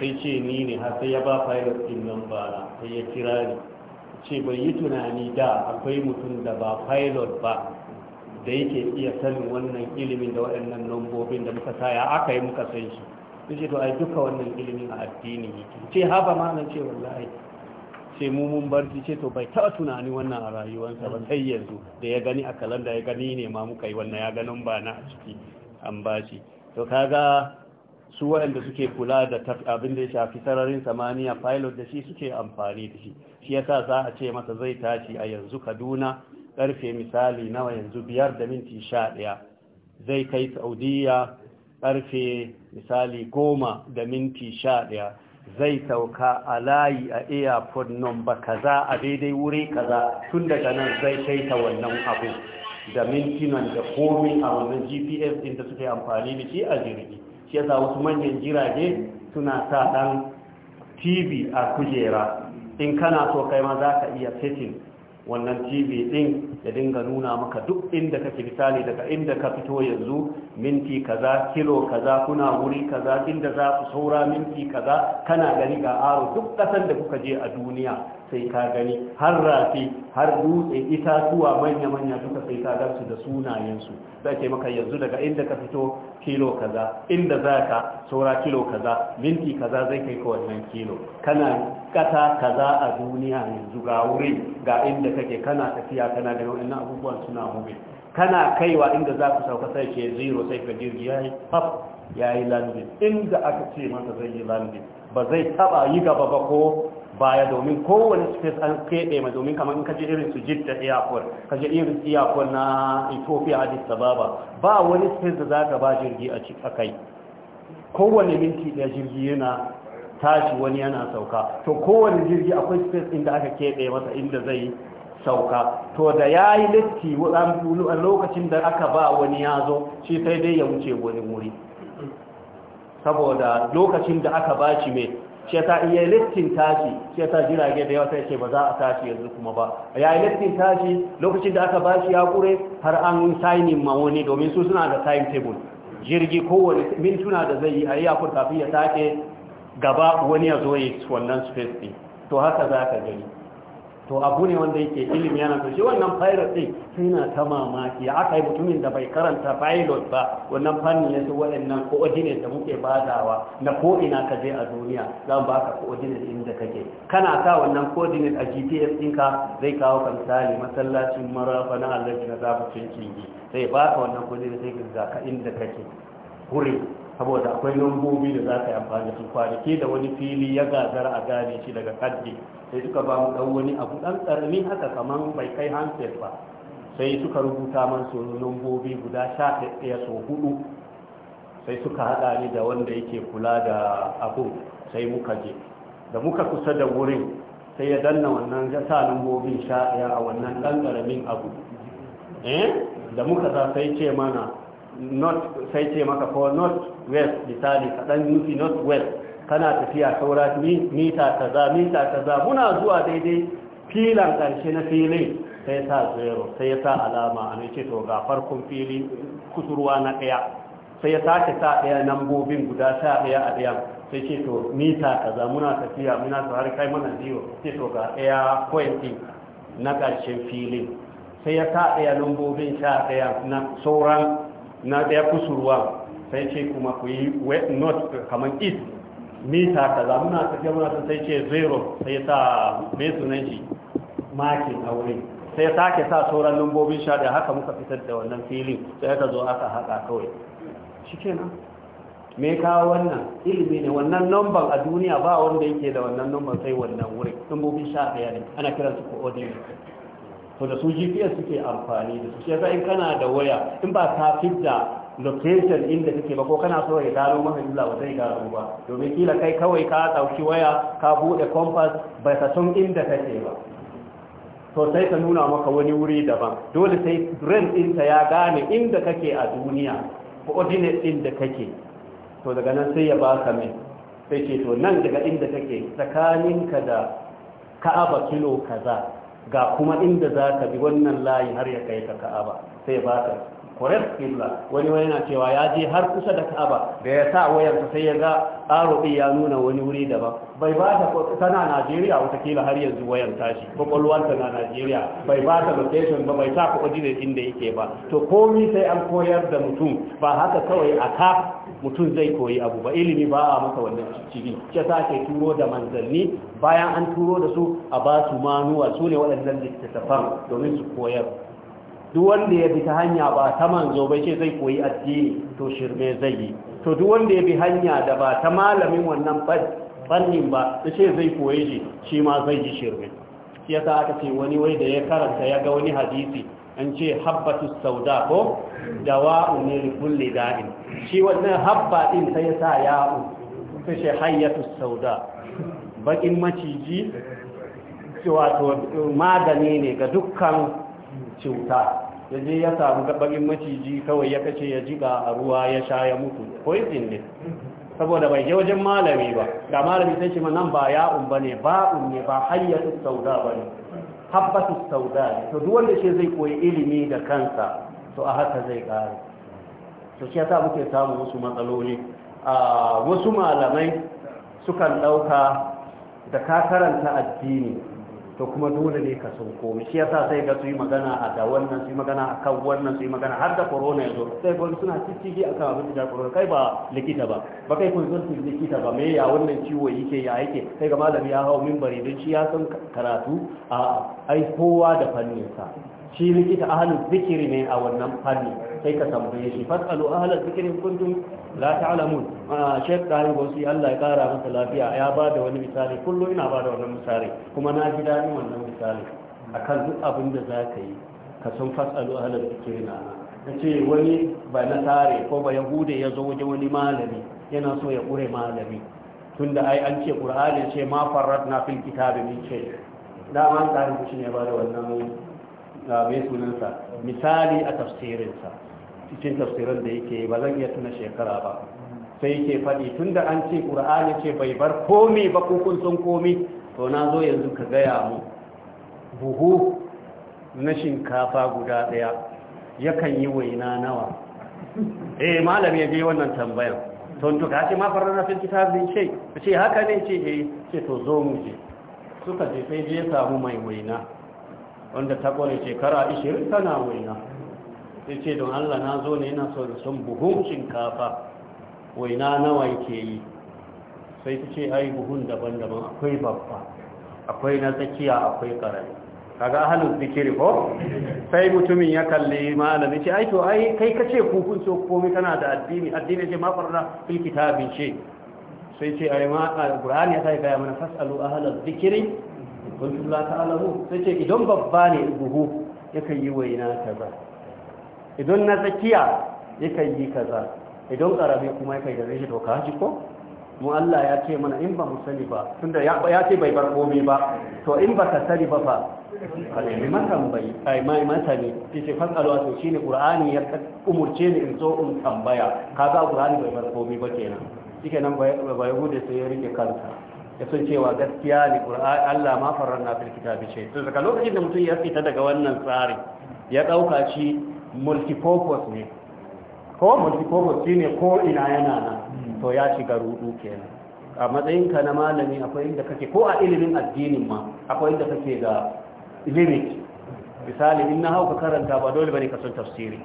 sai ce ni ne har sai ya ba pilot din nan bara sai ya kira ni ce bai yi tunani da akwai mutum da ba pilot ba da yake iya sanin wannan ilimin da waɗannan nombobin da muka saya aka yi muka san shi sun ce to ai duka wannan ilimin a addini yake ce haba ma nan ce wallahi ce mu mun bar ce to bai taɓa tunani wannan a rayuwarsa ba sai yanzu da ya gani a kalanda ya gani ne ma muka yi wannan ya ganin ba na a ciki an ba shi to kaga su waɗanda suke kula da abin da ya shafi sararin samaniya pilot da shi suke amfani da shi shi ya sa za a ce masa zai tashi a yanzu kaduna karfe misali nawa yanzu biyar da minti sha ɗaya zai kai saudiya karfe misali goma da minti sha ɗaya zai sauka a layi a airport ba kaza a daidai wuri kaza tun daga nan zai kai ta wannan abu da mintinan da komi a wannan gps din da suke amfani da shi a jirgi shi yasa wasu manyan jirage suna sa dan tv a kujera in kana so kai ma za ka iya setting wannan tv din ya dinga nuna maka duk inda kake misali daga inda ka fito yanzu minti kaza kilo kaza kuna wuri kaza inda za ku saura minti kaza kana gani ga aro duk kasan da kuka je a duniya sai ka gani har rafi har dutse itatuwa manya-manya duka sai ka gansu da sunayensu za ke maka yanzu daga inda ka fito kilo kaza inda za ka saura kilo kaza minti kaza zai kai ka wannan kilo kana kata kaza a duniya yanzu ga wuri ga inda kake kana tafiya kana da ina abubuwan suna mube kana kaiwa inda za ku sauka sai ke zero sai ka jirgi ya yi pap ya yi landing inda aka ce masa zai yi landing ba zai taba yi gaba ba ko baya domin kowane space an keɓe ma domin kamar in ka irin su jidda iyakon, ka irin iyakon na ethiopia addis ababa ba wani space da za ka ba jirgi a kai kowane minti da jirgi yana tashi wani yana sauka to kowane jirgi akwai space inda aka keɓe masa inda zai sauka to da ya yi latti a lokacin da aka ba wani ya zo shi sai dai ya wuce wani wuri saboda lokacin da aka ba shi mai shi ta iya littin tashi shi ta jirage da yawa sai ce ba za a tashi yanzu kuma ba ya yi littin tashi lokacin da aka bashi ya kure har an signing ma wani domin su suna da time table jirgi kowane mintuna da zai yi a iya kafin ya take gaba wani ya zo yi wannan space din to haka za ka gani to abu ne wanda yake ilimi yana to shi wannan pilot din sai na ta mamaki aka yi mutumin da bai karanta pilot ba wannan fannin ya su waɗannan coordinate da muke badawa na ko ina ka je a duniya za mu baka coordinate inda kake kana sa wannan coordinate a GPS ka zai kawo ka misali masallacin marafa na Allah na cin kingi sai baka wannan coordinate sai ka inda kake wuri saboda akwai lambobi da za ka yi amfani su kwanaki da wani fili ya gagara a gane shi daga kaddi sai suka ba mu dan wani abu dan karami haka kaman bai kai handset ba sai suka rubuta man so lambobi guda sha ɗaya so hudu sai suka haɗa ni da wanda yake kula da abu sai muka je da muka kusa da wurin sai ya danna wannan ya sa lambobin sha a wannan ɗan karamin abu eh da muka za sai ce mana north sai ce maka ko north west misali kaɗan nufi north west kana tafiya saura mita kaza mita kaza muna zuwa daidai filan ƙarshe na filin sai sa zero sai ya sa alama a ne to ga farkon fili kusurwa na ɗaya sai ya sake sa ɗaya gobin guda sha ɗaya a ɗaya sai ce to mita kaza muna tafiya muna su har kai mana zero sai to ga ɗaya point na ƙarshen filin sai ya sa ɗaya nambobin sha ɗaya na sauran na ɗaya kusurwa sai ce kuma ku yi not kamar east mita kaza muna tafiya muna ta sai ce zero sai sa mai sunan shi makin a wurin sai ke sa sauran lambobin sha da haka muka fitar da wannan filin sai ka zo aka haka kawai shi nan me kawo wannan ilimi ne wannan numban a duniya ba wanda yake da wannan numban sai wannan wurin lambobin sha ɗaya ne ana kiransu coordinate to da su gps suke amfani da su shi yasa in kana da waya in ba ka fidda location inda kake ba ko kana so ya gano maka illa ba zai gano ba domin kila kai kawai ka dauki waya ka bude compass ba ka san inda kake ba to sai ka nuna maka wani wuri daban dole sai brain ɗinta ya gane inda kake a duniya coordinate ɗin da kake to daga nan sai ya baka mai sai ce to nan daga inda kake tsakaninka da ka'aba kilo kaza ga kuma inda za ka bi wannan layi har ya kai ka ka'aba sai ba ka correct qibla wani wani na cewa ya je har kusa da ka'aba da ya sa wayarsa sai ya ga arobi ya nuna wani wuri daban bai ba ta tana Najeriya watakila har yanzu wayan tashi kwakwalwar ta na Najeriya bai ba ta location ba bai sa ne inda yake ba to komi sai an koyar da mutum ba haka kawai a ka mutum zai koyi abu ba ilimi ba a maka wannan cikin ce sa ke turo da manzanni bayan an turo da su a ba su manuwa su ne waɗannan littattafan domin su koyar duk wanda ya bi ta hanya ba ta manzo ba ce zai koyi addini to shirme zai yi to duk wanda ya bi hanya da ba ta malamin wannan fannin ba ta ce zai koyi shi shi ma zai yi shirme shi sa aka ce wani wai da ya karanta ya ga wani hadisi an ce habbatu sauda ko dawa'u ne kulli da'in shi wannan habba din sai sa ya'u sai shi hayyatu sauda bakin maciji wato magani ne ga dukkan cuta yaje je ya samu bakin maciji kawai ya kace ya jiga a ruwa ya sha ya mutu poison ne saboda bai je wajen malami ba Da malami sai shi ma nan ba ya'un bane ba'un ne ba hayyatu sauda bane habbatu sauda to duk wanda ke zai koyi ilimi da kansa to a haka zai kare to shi yasa muke samu wasu matsaloli a wasu malamai sukan dauka da ka karanta addini to kuma dole ne ka sun komi shi yasa sai ga su yi magana a da wannan su yi magana a kan wannan su yi magana har da korona ya zo sai gwani suna cikin a kan abin da corona kai ba likita ba ba kai consulting likita ba me ya wannan ciwo yake ya yake sai ga malami ya hau mimbari don shi ya san karatu a ai kowa da fannin sa shi likita ahalin zikiri ne a wannan fannin sai ka tambaye shi fasalu ahlal zikri ta kuntum la ta'lamun shek dai gosi Allah ya kara masa lafiya ya ba da wani misali kullu ina ba da wannan misali kuma na ji dadin wannan misali akan duk abin da za ka yi ka san fasalu ahlal zikri na na ce wani ba na tare ko ba yahude ya zo waje wani malami yana so ya kure malami tunda ai an ce qur'ani ce ma farratna fil kitabi min shay dama an tsari shi ne ba da wannan ga mai sunansa misali a tafsirinsa cikin tafsirin da yake ba zan iya tuna shekara ba sai yake faɗi tun da an ce ƙur'ani ce bai bar komi ba kukun sun komi to na zo yanzu ka gaya mu buhu na shinkafa guda ɗaya yakan yi waina nawa eh malam ya je wannan tambayan tun ka ce ma farar rafin kitabin ce ce haka ne ce eh ce to zo mu je suka je sai je samu mai waina wanda ta kone shekara 20 tana waina sai ce don allah na zo ne yana so da son buhun shinkafa waina nawa yake yi sai ta ce ai buhun daban-daban akwai babba akwai na tsakiya akwai karai kaga halin zikiri ko sai mutumin ya kalli malami ce ai to ai kai kace kukun so komai kana da addini addini ce ma farra fil kitabin ce sai ce ai ma alqur'ani ya sai ga mana fasalu ahla zikiri kuntum la ta'lamu sai ce idan babba ne buhu yake yi waina kaza idan na tsakiya yakan yi kaza idan karabe kuma yakan gare shi to ka ji ko mu Allah ya ce mana in ba mu sani ba tunda ya ya ce bai bar gobe ba to in ba ka sani ba fa kai mai bai ai mai matani yace fasalwa to shine qur'ani ya umurce ni in zo in tambaya kaga qur'ani bai bar gobe ba kenan nan ba yahude sai ya rike kansa ya san cewa gaskiya ne qur'ani Allah ma farranna fil kitabi ce to daga lokacin da mutum ya fita daga wannan tsari ya dauka shi multipurpose ne ko multipurpose shi ne ko ina yana nan to ya shiga rudu kenan a matsayinka na malami akwai inda kake ko a ilimin addinin ma akwai inda kake ga limit misali in na hau ka karanta ba dole bane ka san tafsiri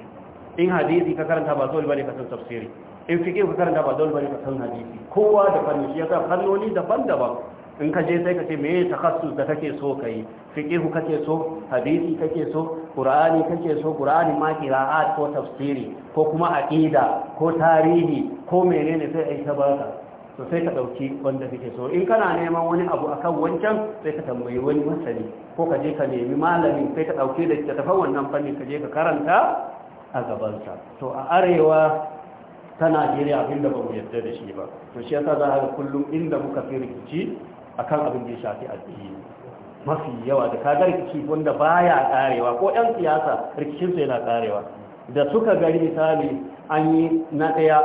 in hadisi ka karanta ba dole bane ka san tafsiri in fiqh ka karanta ba dole bane ka san hadisi kowa da fannin shi ya yasa fannoni daban-daban in ka je sai ka ce mai takassus da kake so kai fiqh kake so hadisi kake so qur'ani kake so qur'ani ma qira'at ko tafsiri ko kuma aqida ko tarihi ko menene sai ai ta baka to sai ka dauki wanda kake so in kana neman wani abu akan wancan sai ka tambayi wani masani ko ka je ka nemi malamin sai ka dauke da littattafan wannan fannin ka je ka karanta a gabansa to a arewa ta najeriya abinda ba mu yarda da shi ba to shi yasa za a kullum inda muka fi rikici akan abin da ya shafi addini mafi yawa da kaga rikici wanda baya karewa ko yan siyasa rikicinsu yana karewa da suka gari misali an yi na ɗaya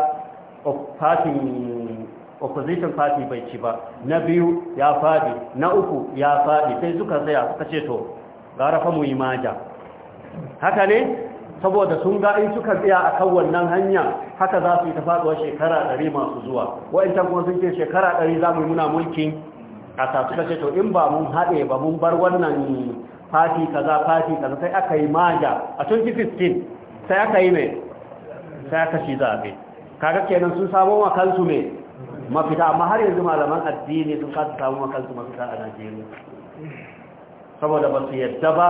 opposition party bai ci ba na biyu ya faɗi na uku ya faɗi sai suka tsaya suka ce to gara fa mu yi maja haka ne saboda sun ga in suka tsaya a kan wannan hanya haka za su yi ta faɗuwa shekara ɗari masu zuwa wa'in kuma sun ce shekara ɗari za mu yi muna mulkin kasa suka ce to in ba mun haɗe ba mun bar wannan fati kaza fati kaza sai aka yi maja a 2015 sai aka yi mai sai aka shi zaɓe kaga kenan sun samo wa mai mafita amma har yanzu malaman addini sun kasa samu wa mafita a najeriya saboda ba su yadda ba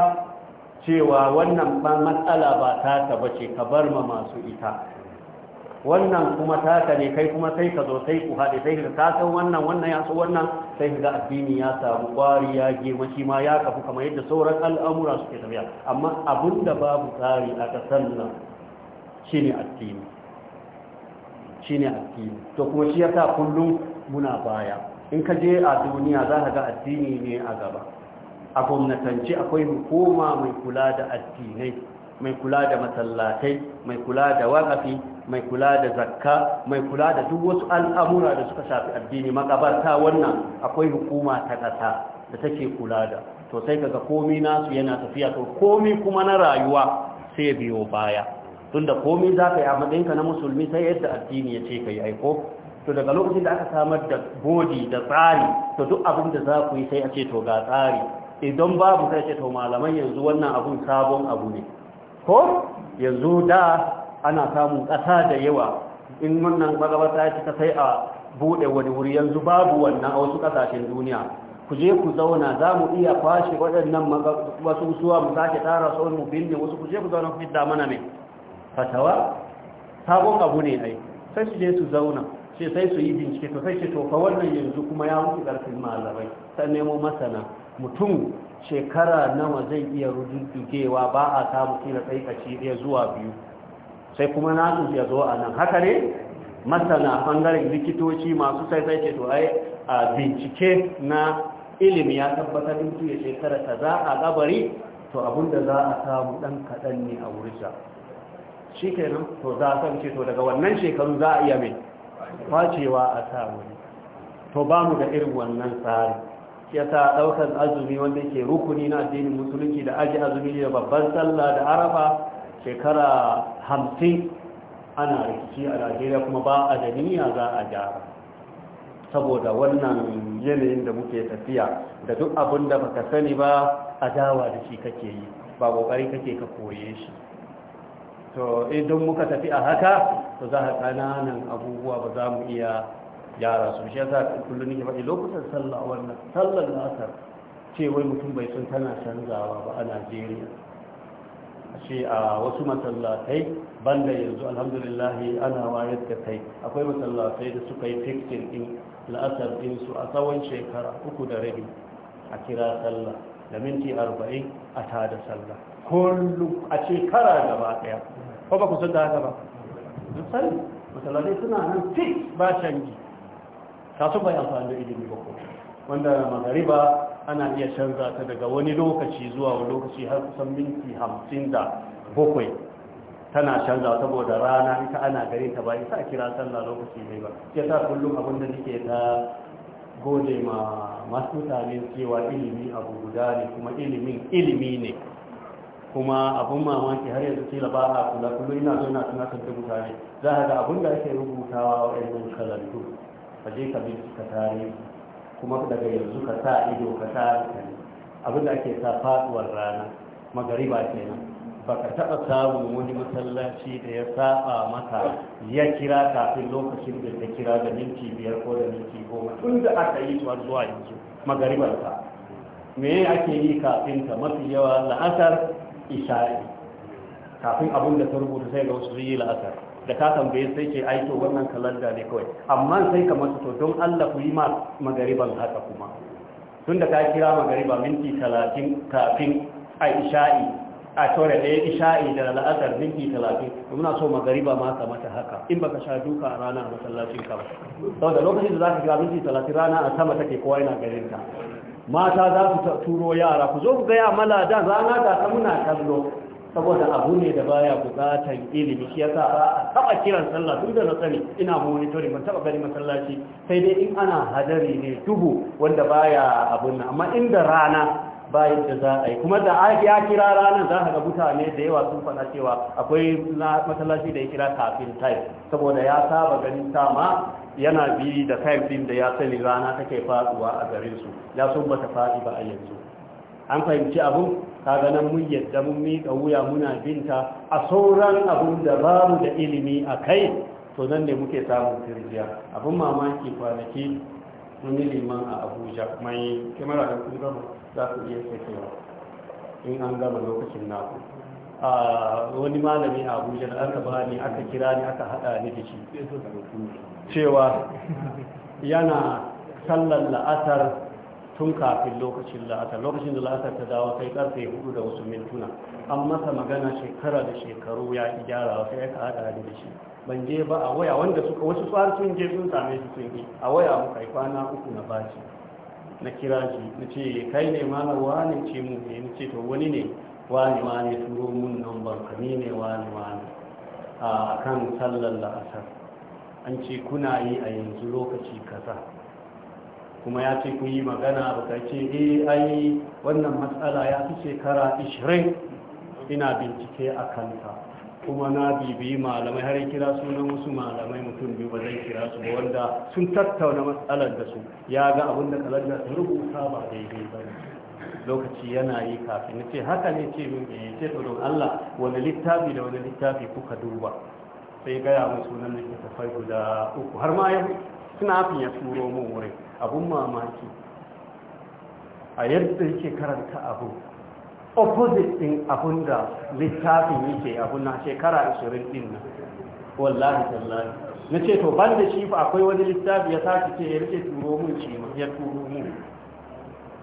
cewa wannan matsala ba ta ka bace ka bar ma masu ita wannan kuma taka ne kai kuma sai ka zo sai ku haɗe sai ka kasan wannan wannan ya so wannan sai ka ga addini ya samu ƙwari ya girma shi ma ya kafu kamar yadda sauran al'amura suke tafiya amma abin da babu tsari a kasan nan shine addini shine addini to kuma shi yasa kullum muna baya in ka je a duniya za ka ga addini ne a gaba a gwamnatance akwai hukuma mai kula da addinai mai kula da masallatai mai kula da waƙafi mai kula da zakka mai kula da duk wasu al'amura da suka shafi addini makabarta wannan akwai hukuma ta ƙasa da take kula da to sai kaga komi nasu yana tafiya to komi kuma na rayuwa sai biyo baya tunda komi za ka yi a na musulmi sai yadda addini ya ce ka yi aiko to daga lokacin da aka samar da bodi da tsari to duk abin da za ku yi sai a ce to ga tsari idan babu sai ce to malaman yanzu wannan abun sabon abu ne ko yanzu da ana samun ƙasa da yawa in wannan magabata ya cika sai a buɗe wani wuri yanzu babu wannan a wasu ƙasashen duniya ku je ku zauna za mu iya kwashe waɗannan wasu suwa mu sake tara su mu binne wasu ku je ku zauna ku fidda mana mai fatawa sabon abu ne ai sai su je su zauna ce sai su yi bincike to sai ce to fa wannan yanzu kuma ya mutu ƙarfin malamai sai nemo masana mutum shekara nawa zai iya rujujewa ba a samu kila tsaikaci ɗaya zuwa biyu sai kuma na ya zo a nan haka ne masana bangare likitoci masu ce to ai a bincike na ilimi ya tabbatar in ya shekara ta za a gabari to abinda za a samu ɗan kaɗan ne a wurinsa shi kenan to za a samu ce to daga wannan shekaru za a iya mai kwacewa a samu to ba mu da irin wannan tsari ya yasa daukar azumi wanda yake rukuni na addinin musulunci da aji azumi da babban sallah da arafa shekara hamsin ana rikici a najeriya kuma ba a da niyya za a gyara saboda wannan yanayin da muke tafiya da duk abin da baka sani ba a dawa da shi kake yi ba kokari kake ka koye shi to idan muka tafi a haka to za ka kananan abubuwa ba za mu iya yara su shi yasa kullum nake faɗi lokutan sallah wannan sallar asar ce wai mutum bai san tana canzawa ba a Najeriya ce a wasu masallatai banda yanzu alhamdulillah ana wayar da kai akwai masallatai da suka yi fixin din la'asar din su a tsawon shekara uku da rabi a kira sallah da minti arba'in a tada sallah kullum a shekara gaba daya ko ba ku san da haka ba sun sani masallatai suna nan fix ba canji kasu bai amfani da ilimi ba wanda magariba ana iya canza ta daga wani lokaci zuwa wani lokaci har kusan minti hamsin da bakwai tana canza saboda rana ita ana garin ta bayan sa kira sallah lokaci ne ba ya sa kullum abin da nake ta gode ma masu mutane cewa ilimi abu guda ne kuma ilimin ilimi ne kuma abun mamaki har yanzu sai ba a kula kullum ina zo na tunatar da mutane za a ga abin da ake rubutawa a wa'annan kalatu ka je ka bincika tarihi kuma daga yanzu ka sa ido ka sa abin da ake sa faduwar rana magariba kenan baka taɓa samun wani masallaci da ya saba maka ya kira kafin lokacin da ta kira da minti biyar ko da minti goma tun da aka yi tuwar zuwa yanzu ka. me ake yi kafin ta mafi yawa la'asar isha'i kafin abin da ta rubuta sai ga wasu yi la'asar da ka tambaye sai ce aito wannan kalanda ne kawai amma sai ka masa to don Allah ku yi ma magariban haka kuma tun da ka kira magariba minti 30 kafin a isha'i a tore da isha'i da la'asar minti 30 to muna so magariba ma ka mata haka in baka sha duka a rana masallacin ka ba da lokacin da zaka kira minti 30 rana a sama take kowa yana garin ta mata za su turo yara ku zo ku ga ya da rana ta muna kallo saboda abu ne da baya bukatan ilimi shi yasa ba a taba kiran sallah duk da na sani ina monitoring ban taba gani masallaci sai dai in ana hadari ne duhu wanda baya abun nan amma inda rana bayan da za a yi kuma da ya kira ranar za ka ga mutane da yawa sun fana cewa akwai masallaci da ya kira kafin time saboda ya saba ganin sama yana bi da time din da ya sani rana take faduwa a garinsu ya sun bata faɗi ba a yanzu an fahimci abun kaga nan mun yadda mun miƙa wuya muna binta a sauran abun da babu da ilimi a kai to nan ne muke samun firjiya abun mamaki kwanaki mun yi liman a abuja mai kamar da kun gaba za ku iya sakewa in an gama lokacin naku a wani malami a abuja da aka bani aka kira ni aka haɗa ni da shi cewa yana sallar la'asar tun kafin lokacin la'asar lokacin da la'asar ta dawo sai karfe hudu da wasu mintuna an masa magana shekara da shekaru ya ki gyara wasu aka hada da shi ban je ba a waya wanda suka wasu tsari sun je sun same shi sun yi a waya mu kai kwana uku na bashi na kira shi na ce kai ne ma na wani ce mu ne na ce to wani ne wani wani turo mun nan ban ne wani wani a kan sallar la'asar an ce kuna yi a yanzu lokaci kaza kuma ya ce ku yi magana ba ce eh ai wannan matsala ya fi shekara 20 ina bincike a kanta kuma na bibiyi malamai har kira sunan wasu malamai mutum biyu ba zai kira su ba wanda sun tattauna matsalar da su ya ga abin da kalanda ta rubuta ba daidai ba lokaci yana yi kafin ce haka ne ce min bai ce to don Allah wani littafi da wani littafi kuka duba sai gaya mu sunan littafai guda uku har ma yau suna hafin ya turo mun wurin abun mamaki a yadda yake karanta abu opposite din abun da littafin yake abun na shekara 20 din nan wallahi tallahi na ce to ban da shi fa akwai wani littafi ya sake ce ya rike turo mun shi ya turo mun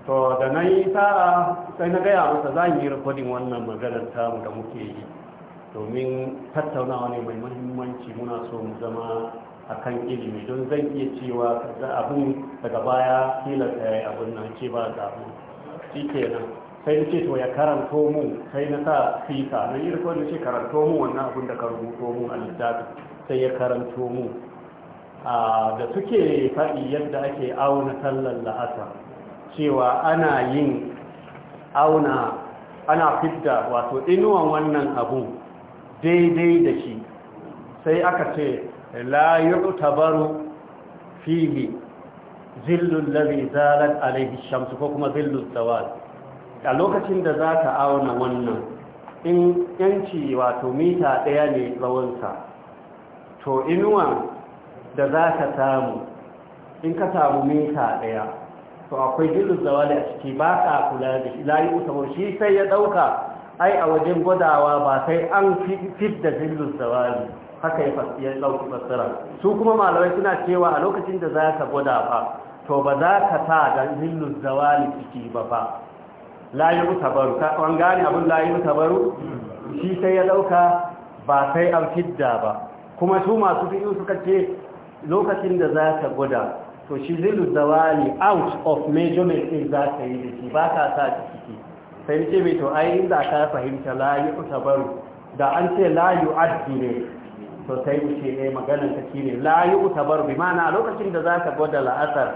to da na yi sa'a sai na gaya masa za yi rikodin wannan maganar tamu da muke yi domin tattaunawa ne mai muhimmanci muna so mu zama akan ilimi don zan iya cewa abin daga baya kila tsaye eh, abin nan ce ba da abin shi kenan sai da ce to ya karanto mu sai na sa fita na yi rikon da ce karanto mu wannan abin da ka rubuto mu a littafi sai ya karanto mu. da suke faɗi yadda ake auna sallar la'asa cewa ana yin auna ana fidda wato inuwan wannan abu daidai da shi sai aka ce la yu'tabaru fihi zillul ladhi zalat alayhi ash-shams ko kuma zillul zawal a lokacin da zaka auna wannan in yanci wato mita daya ne rawansa, to inuwa da zaka samu in ka samu mita daya to akwai zillul zawali a ciki ba ka kula da shi la yu'tabaru shi sai ya dauka ai a wajen gwadawa ba sai an fit da zillul zawali haka ya ɗauki fassara su kuma malamai suna cewa a lokacin da za ka gwada fa to ba za ka sa da hillun zawali ciki ba fa layi mutabaru an gane abin layi mutabaru shi sai ya ɗauka ba sai an fidda ba kuma su masu fi'i suka ce lokacin da za ka gwada to shi zillu zawali out of measurement din za ka yi da shi ba ka sa ciki sai ce mai to ai inda ka fahimta layi mutabaru da an ce layu addi ne to sai mu ce ne eh, maganar ta ne la yu'tabar bi ma'ana lokacin da za ka gwada la'asar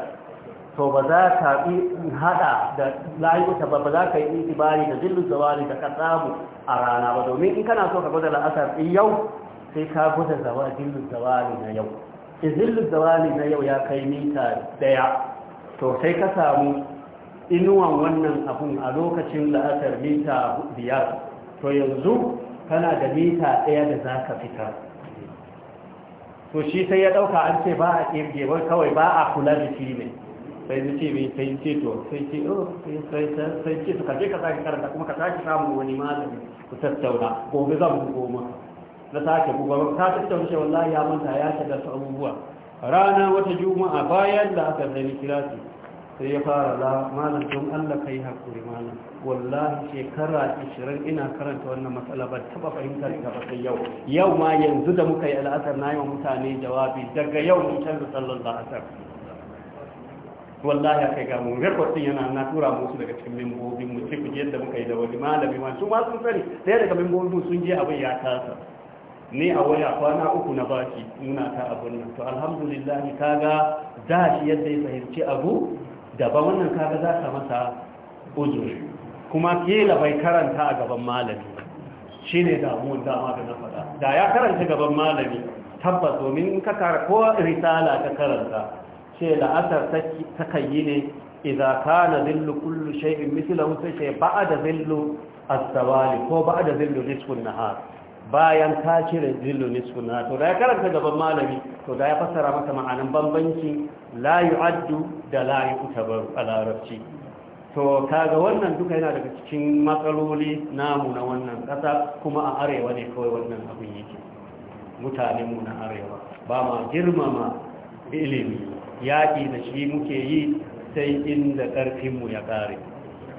to ba za ka yi hada da la yu'tabar ba za ka yi itibari da zillu zawari da ka samu a rana ba domin in kana so ka gwada la'asar in yau sai ka gwada zawali zillu na yau in zillu zawari na yau ya kai mita daya to sai ka samu inuwan wannan abun a lokacin la'asar mita biyar to yanzu kana da mita ɗaya da za ka fitar to shi sai ya ɗauka an ce ba a ƙirge wai kawai ba a kula da shi ne sai zai ce mai sai ce to sai ce oh sai ce su ka je ka sake karanta kuma ka sake samun wani malami ku tattauna gobe zan bugo maka na sake bugo maka ta tattauna shi wallahi ya manta ya shiga su abubuwa rana wata juma'a bayan da aka zai kira su sai ya fara la malam don Allah kai hakuri malam wallahi shekara 20 ina karanta wannan matsala ba taba fahimtar ta ba sai yau yau ma yanzu da muka yi al'asar na yi wa mutane jawabi daga yau mun canza sallar la'asar wallahi aka ga mu rekord din yana na tura musu daga cikin membobin mu cikin yadda muka yi da wani malami ma su ma sun sani sai daga membobin sun je abin ya tasa Ni a waya kwana uku na baki muna ta abun nan to alhamdulillah kaga da shi yadda ya fahimci abu daban wannan kaga za ka masa uzuri kuma kila bai karanta a gaban malami shi ne damuwan dama da na faɗa da ya karanta gaban malami tabbas domin ka kara ko risala ka karanta ce la'asar ta kayi ne idan ka na zillu kullu shai'in misila wuce ce ba'a da zillu astawali ko ba'a da zillu riskun nahar bayan ka cire zillu nisfuna to da ya karanta gaban malami to da ya fassara masa ma'anan bambanci la yu'addu da la yu'tabaru a larabci to kaga wannan duka yana daga cikin matsaloli namu na wannan kasa kuma a arewa ne kawai wannan abin yake mutanen mu na arewa ba ma girmama ilimi yaƙi da shi muke yi sai inda ƙarfinmu ya ƙare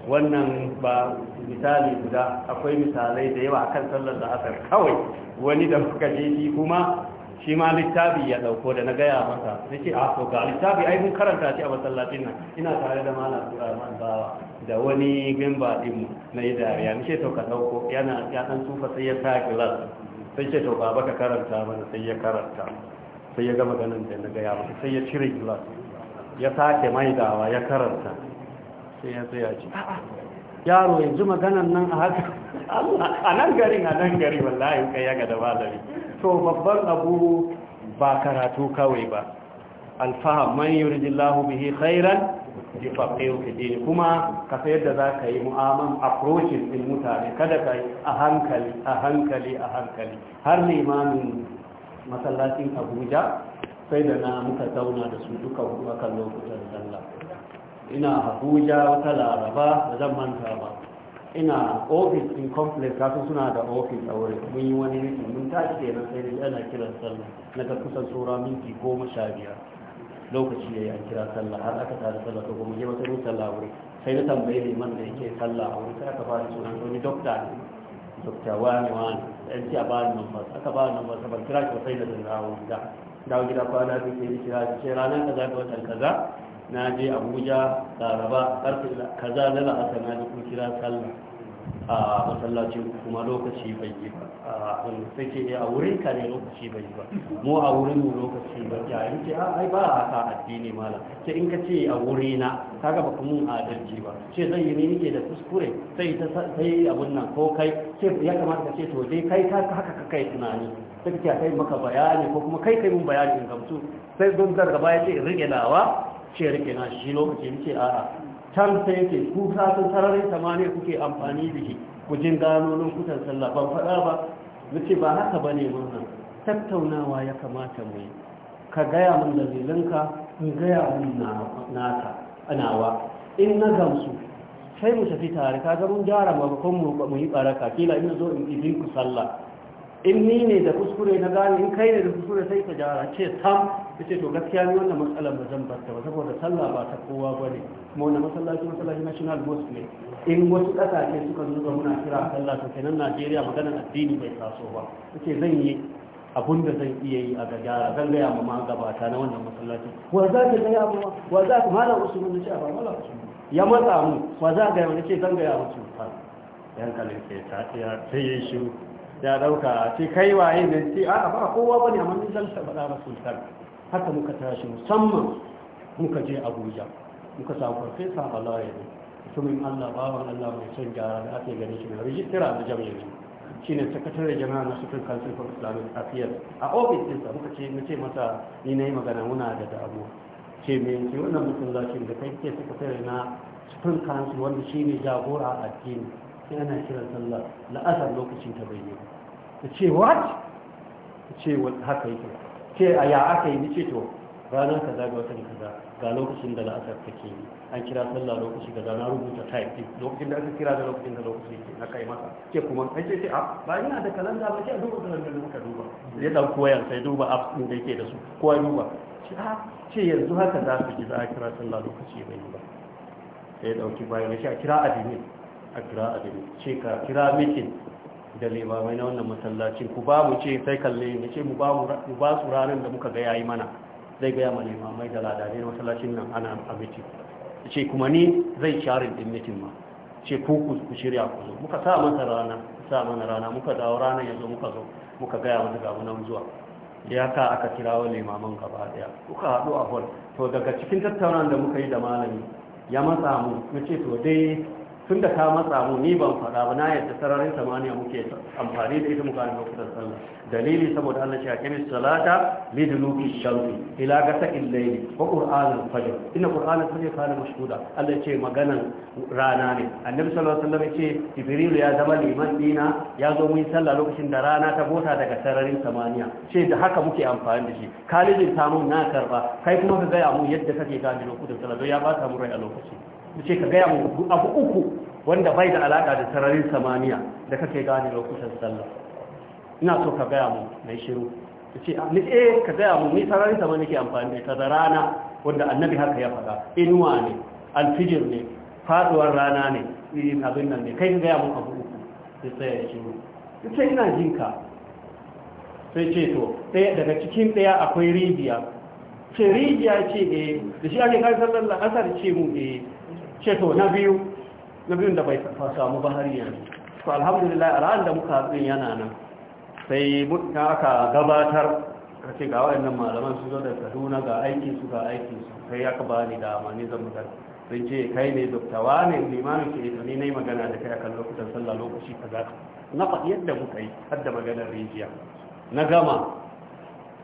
wannan ba misali guda akwai misalai da yawa akan sallar da asar. kawai wani da suka je shi kuma shi ma littafi ya dauko da na gaya masa na ce a so ga littafi ai mun karanta shi a masallacin nan ina tare da malam turarman bawa da wani gimba din na yi dariya to ka dauko yana ya dan tsufa sai ya sa gilas sai ce to baba ka karanta mana sai ya karanta sai ya gama ganin da na gaya masa sai ya cire gilas ya sake maidawa ya karanta sai ya tsaya ce yaro yanzu maganan nan a haka a nan gari a nan gari wallahi kai ya ga da malami to babban abu ba karatu kawai ba alfaham man yuridillahu bihi khairan yufaqihu fi din kuma ka sayar da zaka yi mu'aman approaching din mutane kada kai a hankali a hankali a hankali har limamin masallacin Abuja sai da na muka zauna da su duka hudu akan lokutan sallah ina abuja wata laraba da zan manta ba ina ofis in complex kasu suna da ofis a wuri mun yi wani rikin mun tashi ke nan sai da yana kiran sallah na ga kusan tsora minti goma sha biyar lokaci ya yi an kira sallah har aka tare sallah ko kuma je wata yin sallah wuri sai na tambaye man da yake sallah wuri sai aka fara sunan wani dokta ne dokta wani wani ɗan ci a ba ni numbers aka ba ni numbers saboda kira ki sai da zan dawo gida dawo gida kwana biyu sai ni kira ki ce ranar kaza ko watan kaza na je abuja laraba karfe kaza na la'asa na ji kira sallah a masallacin kuma lokaci bai yi ba a wani sake a wurin ka ne lokaci bai yi ba mu a wurin mu lokaci ba ya yi ce ai ba haka addini mala ce in ka ce a wuri na gaba kuma a adalci ba ce zai yi ne da kuskure sai ta sai abun nan ko kai ce ya kamata ka ce to dai kai ka haka ka kai tunani sai ka ce kai maka bayani ko kuma kai kai mun bayani in gamsu sai don zargaba ya ce in rike lawa. ce rike na shi lokacin ce a'a can sai yake ku sun sararin samaniya kuke amfani da shi kujin gano lokutan sallah ban faɗa ba ce ba haka bane wannan tattaunawa ya kamata mu yi ka gaya min dalilinka in gaya min naka nawa in na gamsu sai mu tafi tare ka mun gyara ba mu yi baraka kila ina zo in idin ku sallah in ni ne da kuskure na gane in kai ne da kuskure sai ka gyara ce sam yace to gaskiya ne wannan matsalar ba zan barta ba saboda sallah ba ta kowa ba ne kuma wannan masallaci masallaci national mosque ne in wasu kasashe suka zuba muna kira sallah to kenan Najeriya maganar addini bai taso ba yace zan yi abun da zan iya yi a gajara zan gaya ma magabata na wannan masallaci wa za ka gaya ma wa za ka malam usman ce ba malam usman ya matsa mu wa za ga yawan ce zan gaya su fa yan kalin ke ta ya sai shi ya dauka ce kai waye ne ce a ba kowa bane amma ni zan ta faɗa haka muka tashi musamman muka je abuja muka samu farfesa a lawaye mutumin allah bawan allah mai son gyara da ake gani shi na rijistira da jami'ai shi ne sakatare jama'a na sufin kansu for islamic affairs a ofis ɗinsa muka ce mace masa ni na yi magana muna da damuwa ce mai ce wannan mutum za shi da kai ke sakatare na sufin kansu wanda shi ne jagora a addini sai ana kiran sallah la'asar lokacin ta bayyana ta ce what ta ce haka yake ce a ya aka yi ce to ranar kaza ga watan kaza ga lokacin da la'asar take yi an kira sallah lokaci kaza na rubuta type din lokacin da aka kira da lokacin da lokaci ke na kai masa ke kuma an ce ce a ah, ba ina da kalanda ba ce a duba kalanda da muka duba zai dan koyan sai duba apps din da yake da su kowa duba ce a ah, ce yanzu haka za su ji za a kira sallah lokaci bai yi ba sai dauki bayan shi a kira admin a kira admin ce ka kira meeting da mai na wannan masallacin ku ba mu ce sai kalle mu ce mu ba su ranar da muka ga yayi mana zai gaya ma limamai da ladane na masallacin nan ana a mitin ce kuma ni zai sharin din mitin ma ce ku ku shirya ku zo muka sa masa rana sa mana rana muka dawo ranar yanzu muka zo muka gaya masa ga nan zuwa ya ka aka wa limaman gaba daya kuka haɗu a hol to daga cikin tattaunan da muka yi da malami ya matsa mu ya ce to dai tun da ka matsa mu ni ban faɗa ba na yadda sararin samaniya muke amfani da ita muka an lokutan sallah dalili saboda Allah ya kemi salata li duluki shamsi ila gasakin illai wa qur'an al-fajr inna qur'an al-fajr kana mashhuda Allah ce maganan rana ne annabi sallallahu alaihi wasallam ya ce jibril ya zama liman dina ya zo mun sallah lokacin da rana ta bota daga sararin samaniya ce da haka muke amfani da shi Kalilin ta na karba kai kuma ka ga mu yadda kake gane lokutan sallah ya ba ta mu rai a lokacin. ce ka gaya mu abu uku wanda bai da alaka da sararin samaniya da kake gane lokutan sallah ina so ka gaya mu mai shiru ta ce ah, ni eh ka gaya mu ni sararin samaniya ke amfani da ta da rana wanda annabi haka ya faɗa inuwa ne alfijir ne faɗuwar rana ne irin abin nan ne kai ka gaya mu abu uku sai tsaya ya shiru Sai ce ina jin ka sai ce to daga cikin ɗaya akwai rijiya ce rijiya ce eh da shi ake kai sallar la'asar ce mu eh ce to na biyu na biyun da bai samu ba har yanzu to alhamdulillah a ran da muka hatsin yana nan sai muka aka gabatar ka ce ga waɗannan malaman su zo da kaduna ga aiki su ga aiki su sai aka ba ni da amani zan magana sai ce kai ne dokta wane limamin ke ne na magana da kai akan lokutan sallah lokaci kaza na faɗi yadda muka yi har da maganar rijiya na gama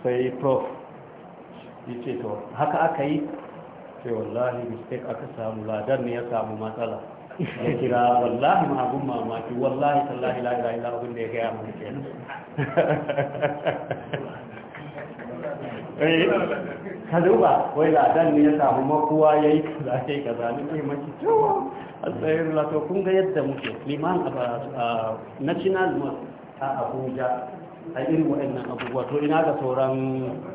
sai prof ya ce to haka aka yi sai wallahi mistake aka samu ladar ne ya samu matsala ya kira wallahi ma abun mamaki wallahi tallahi la ilaha illa abun da ya gaya mun kenan eh ka duba wai da dan ne ya samu makuwa yayi kaza sai kaza ne mai mace cewa asayir la to kun ga yadda muke liman a national mosque a Abuja a irin waɗannan abubuwa to ina ga sauran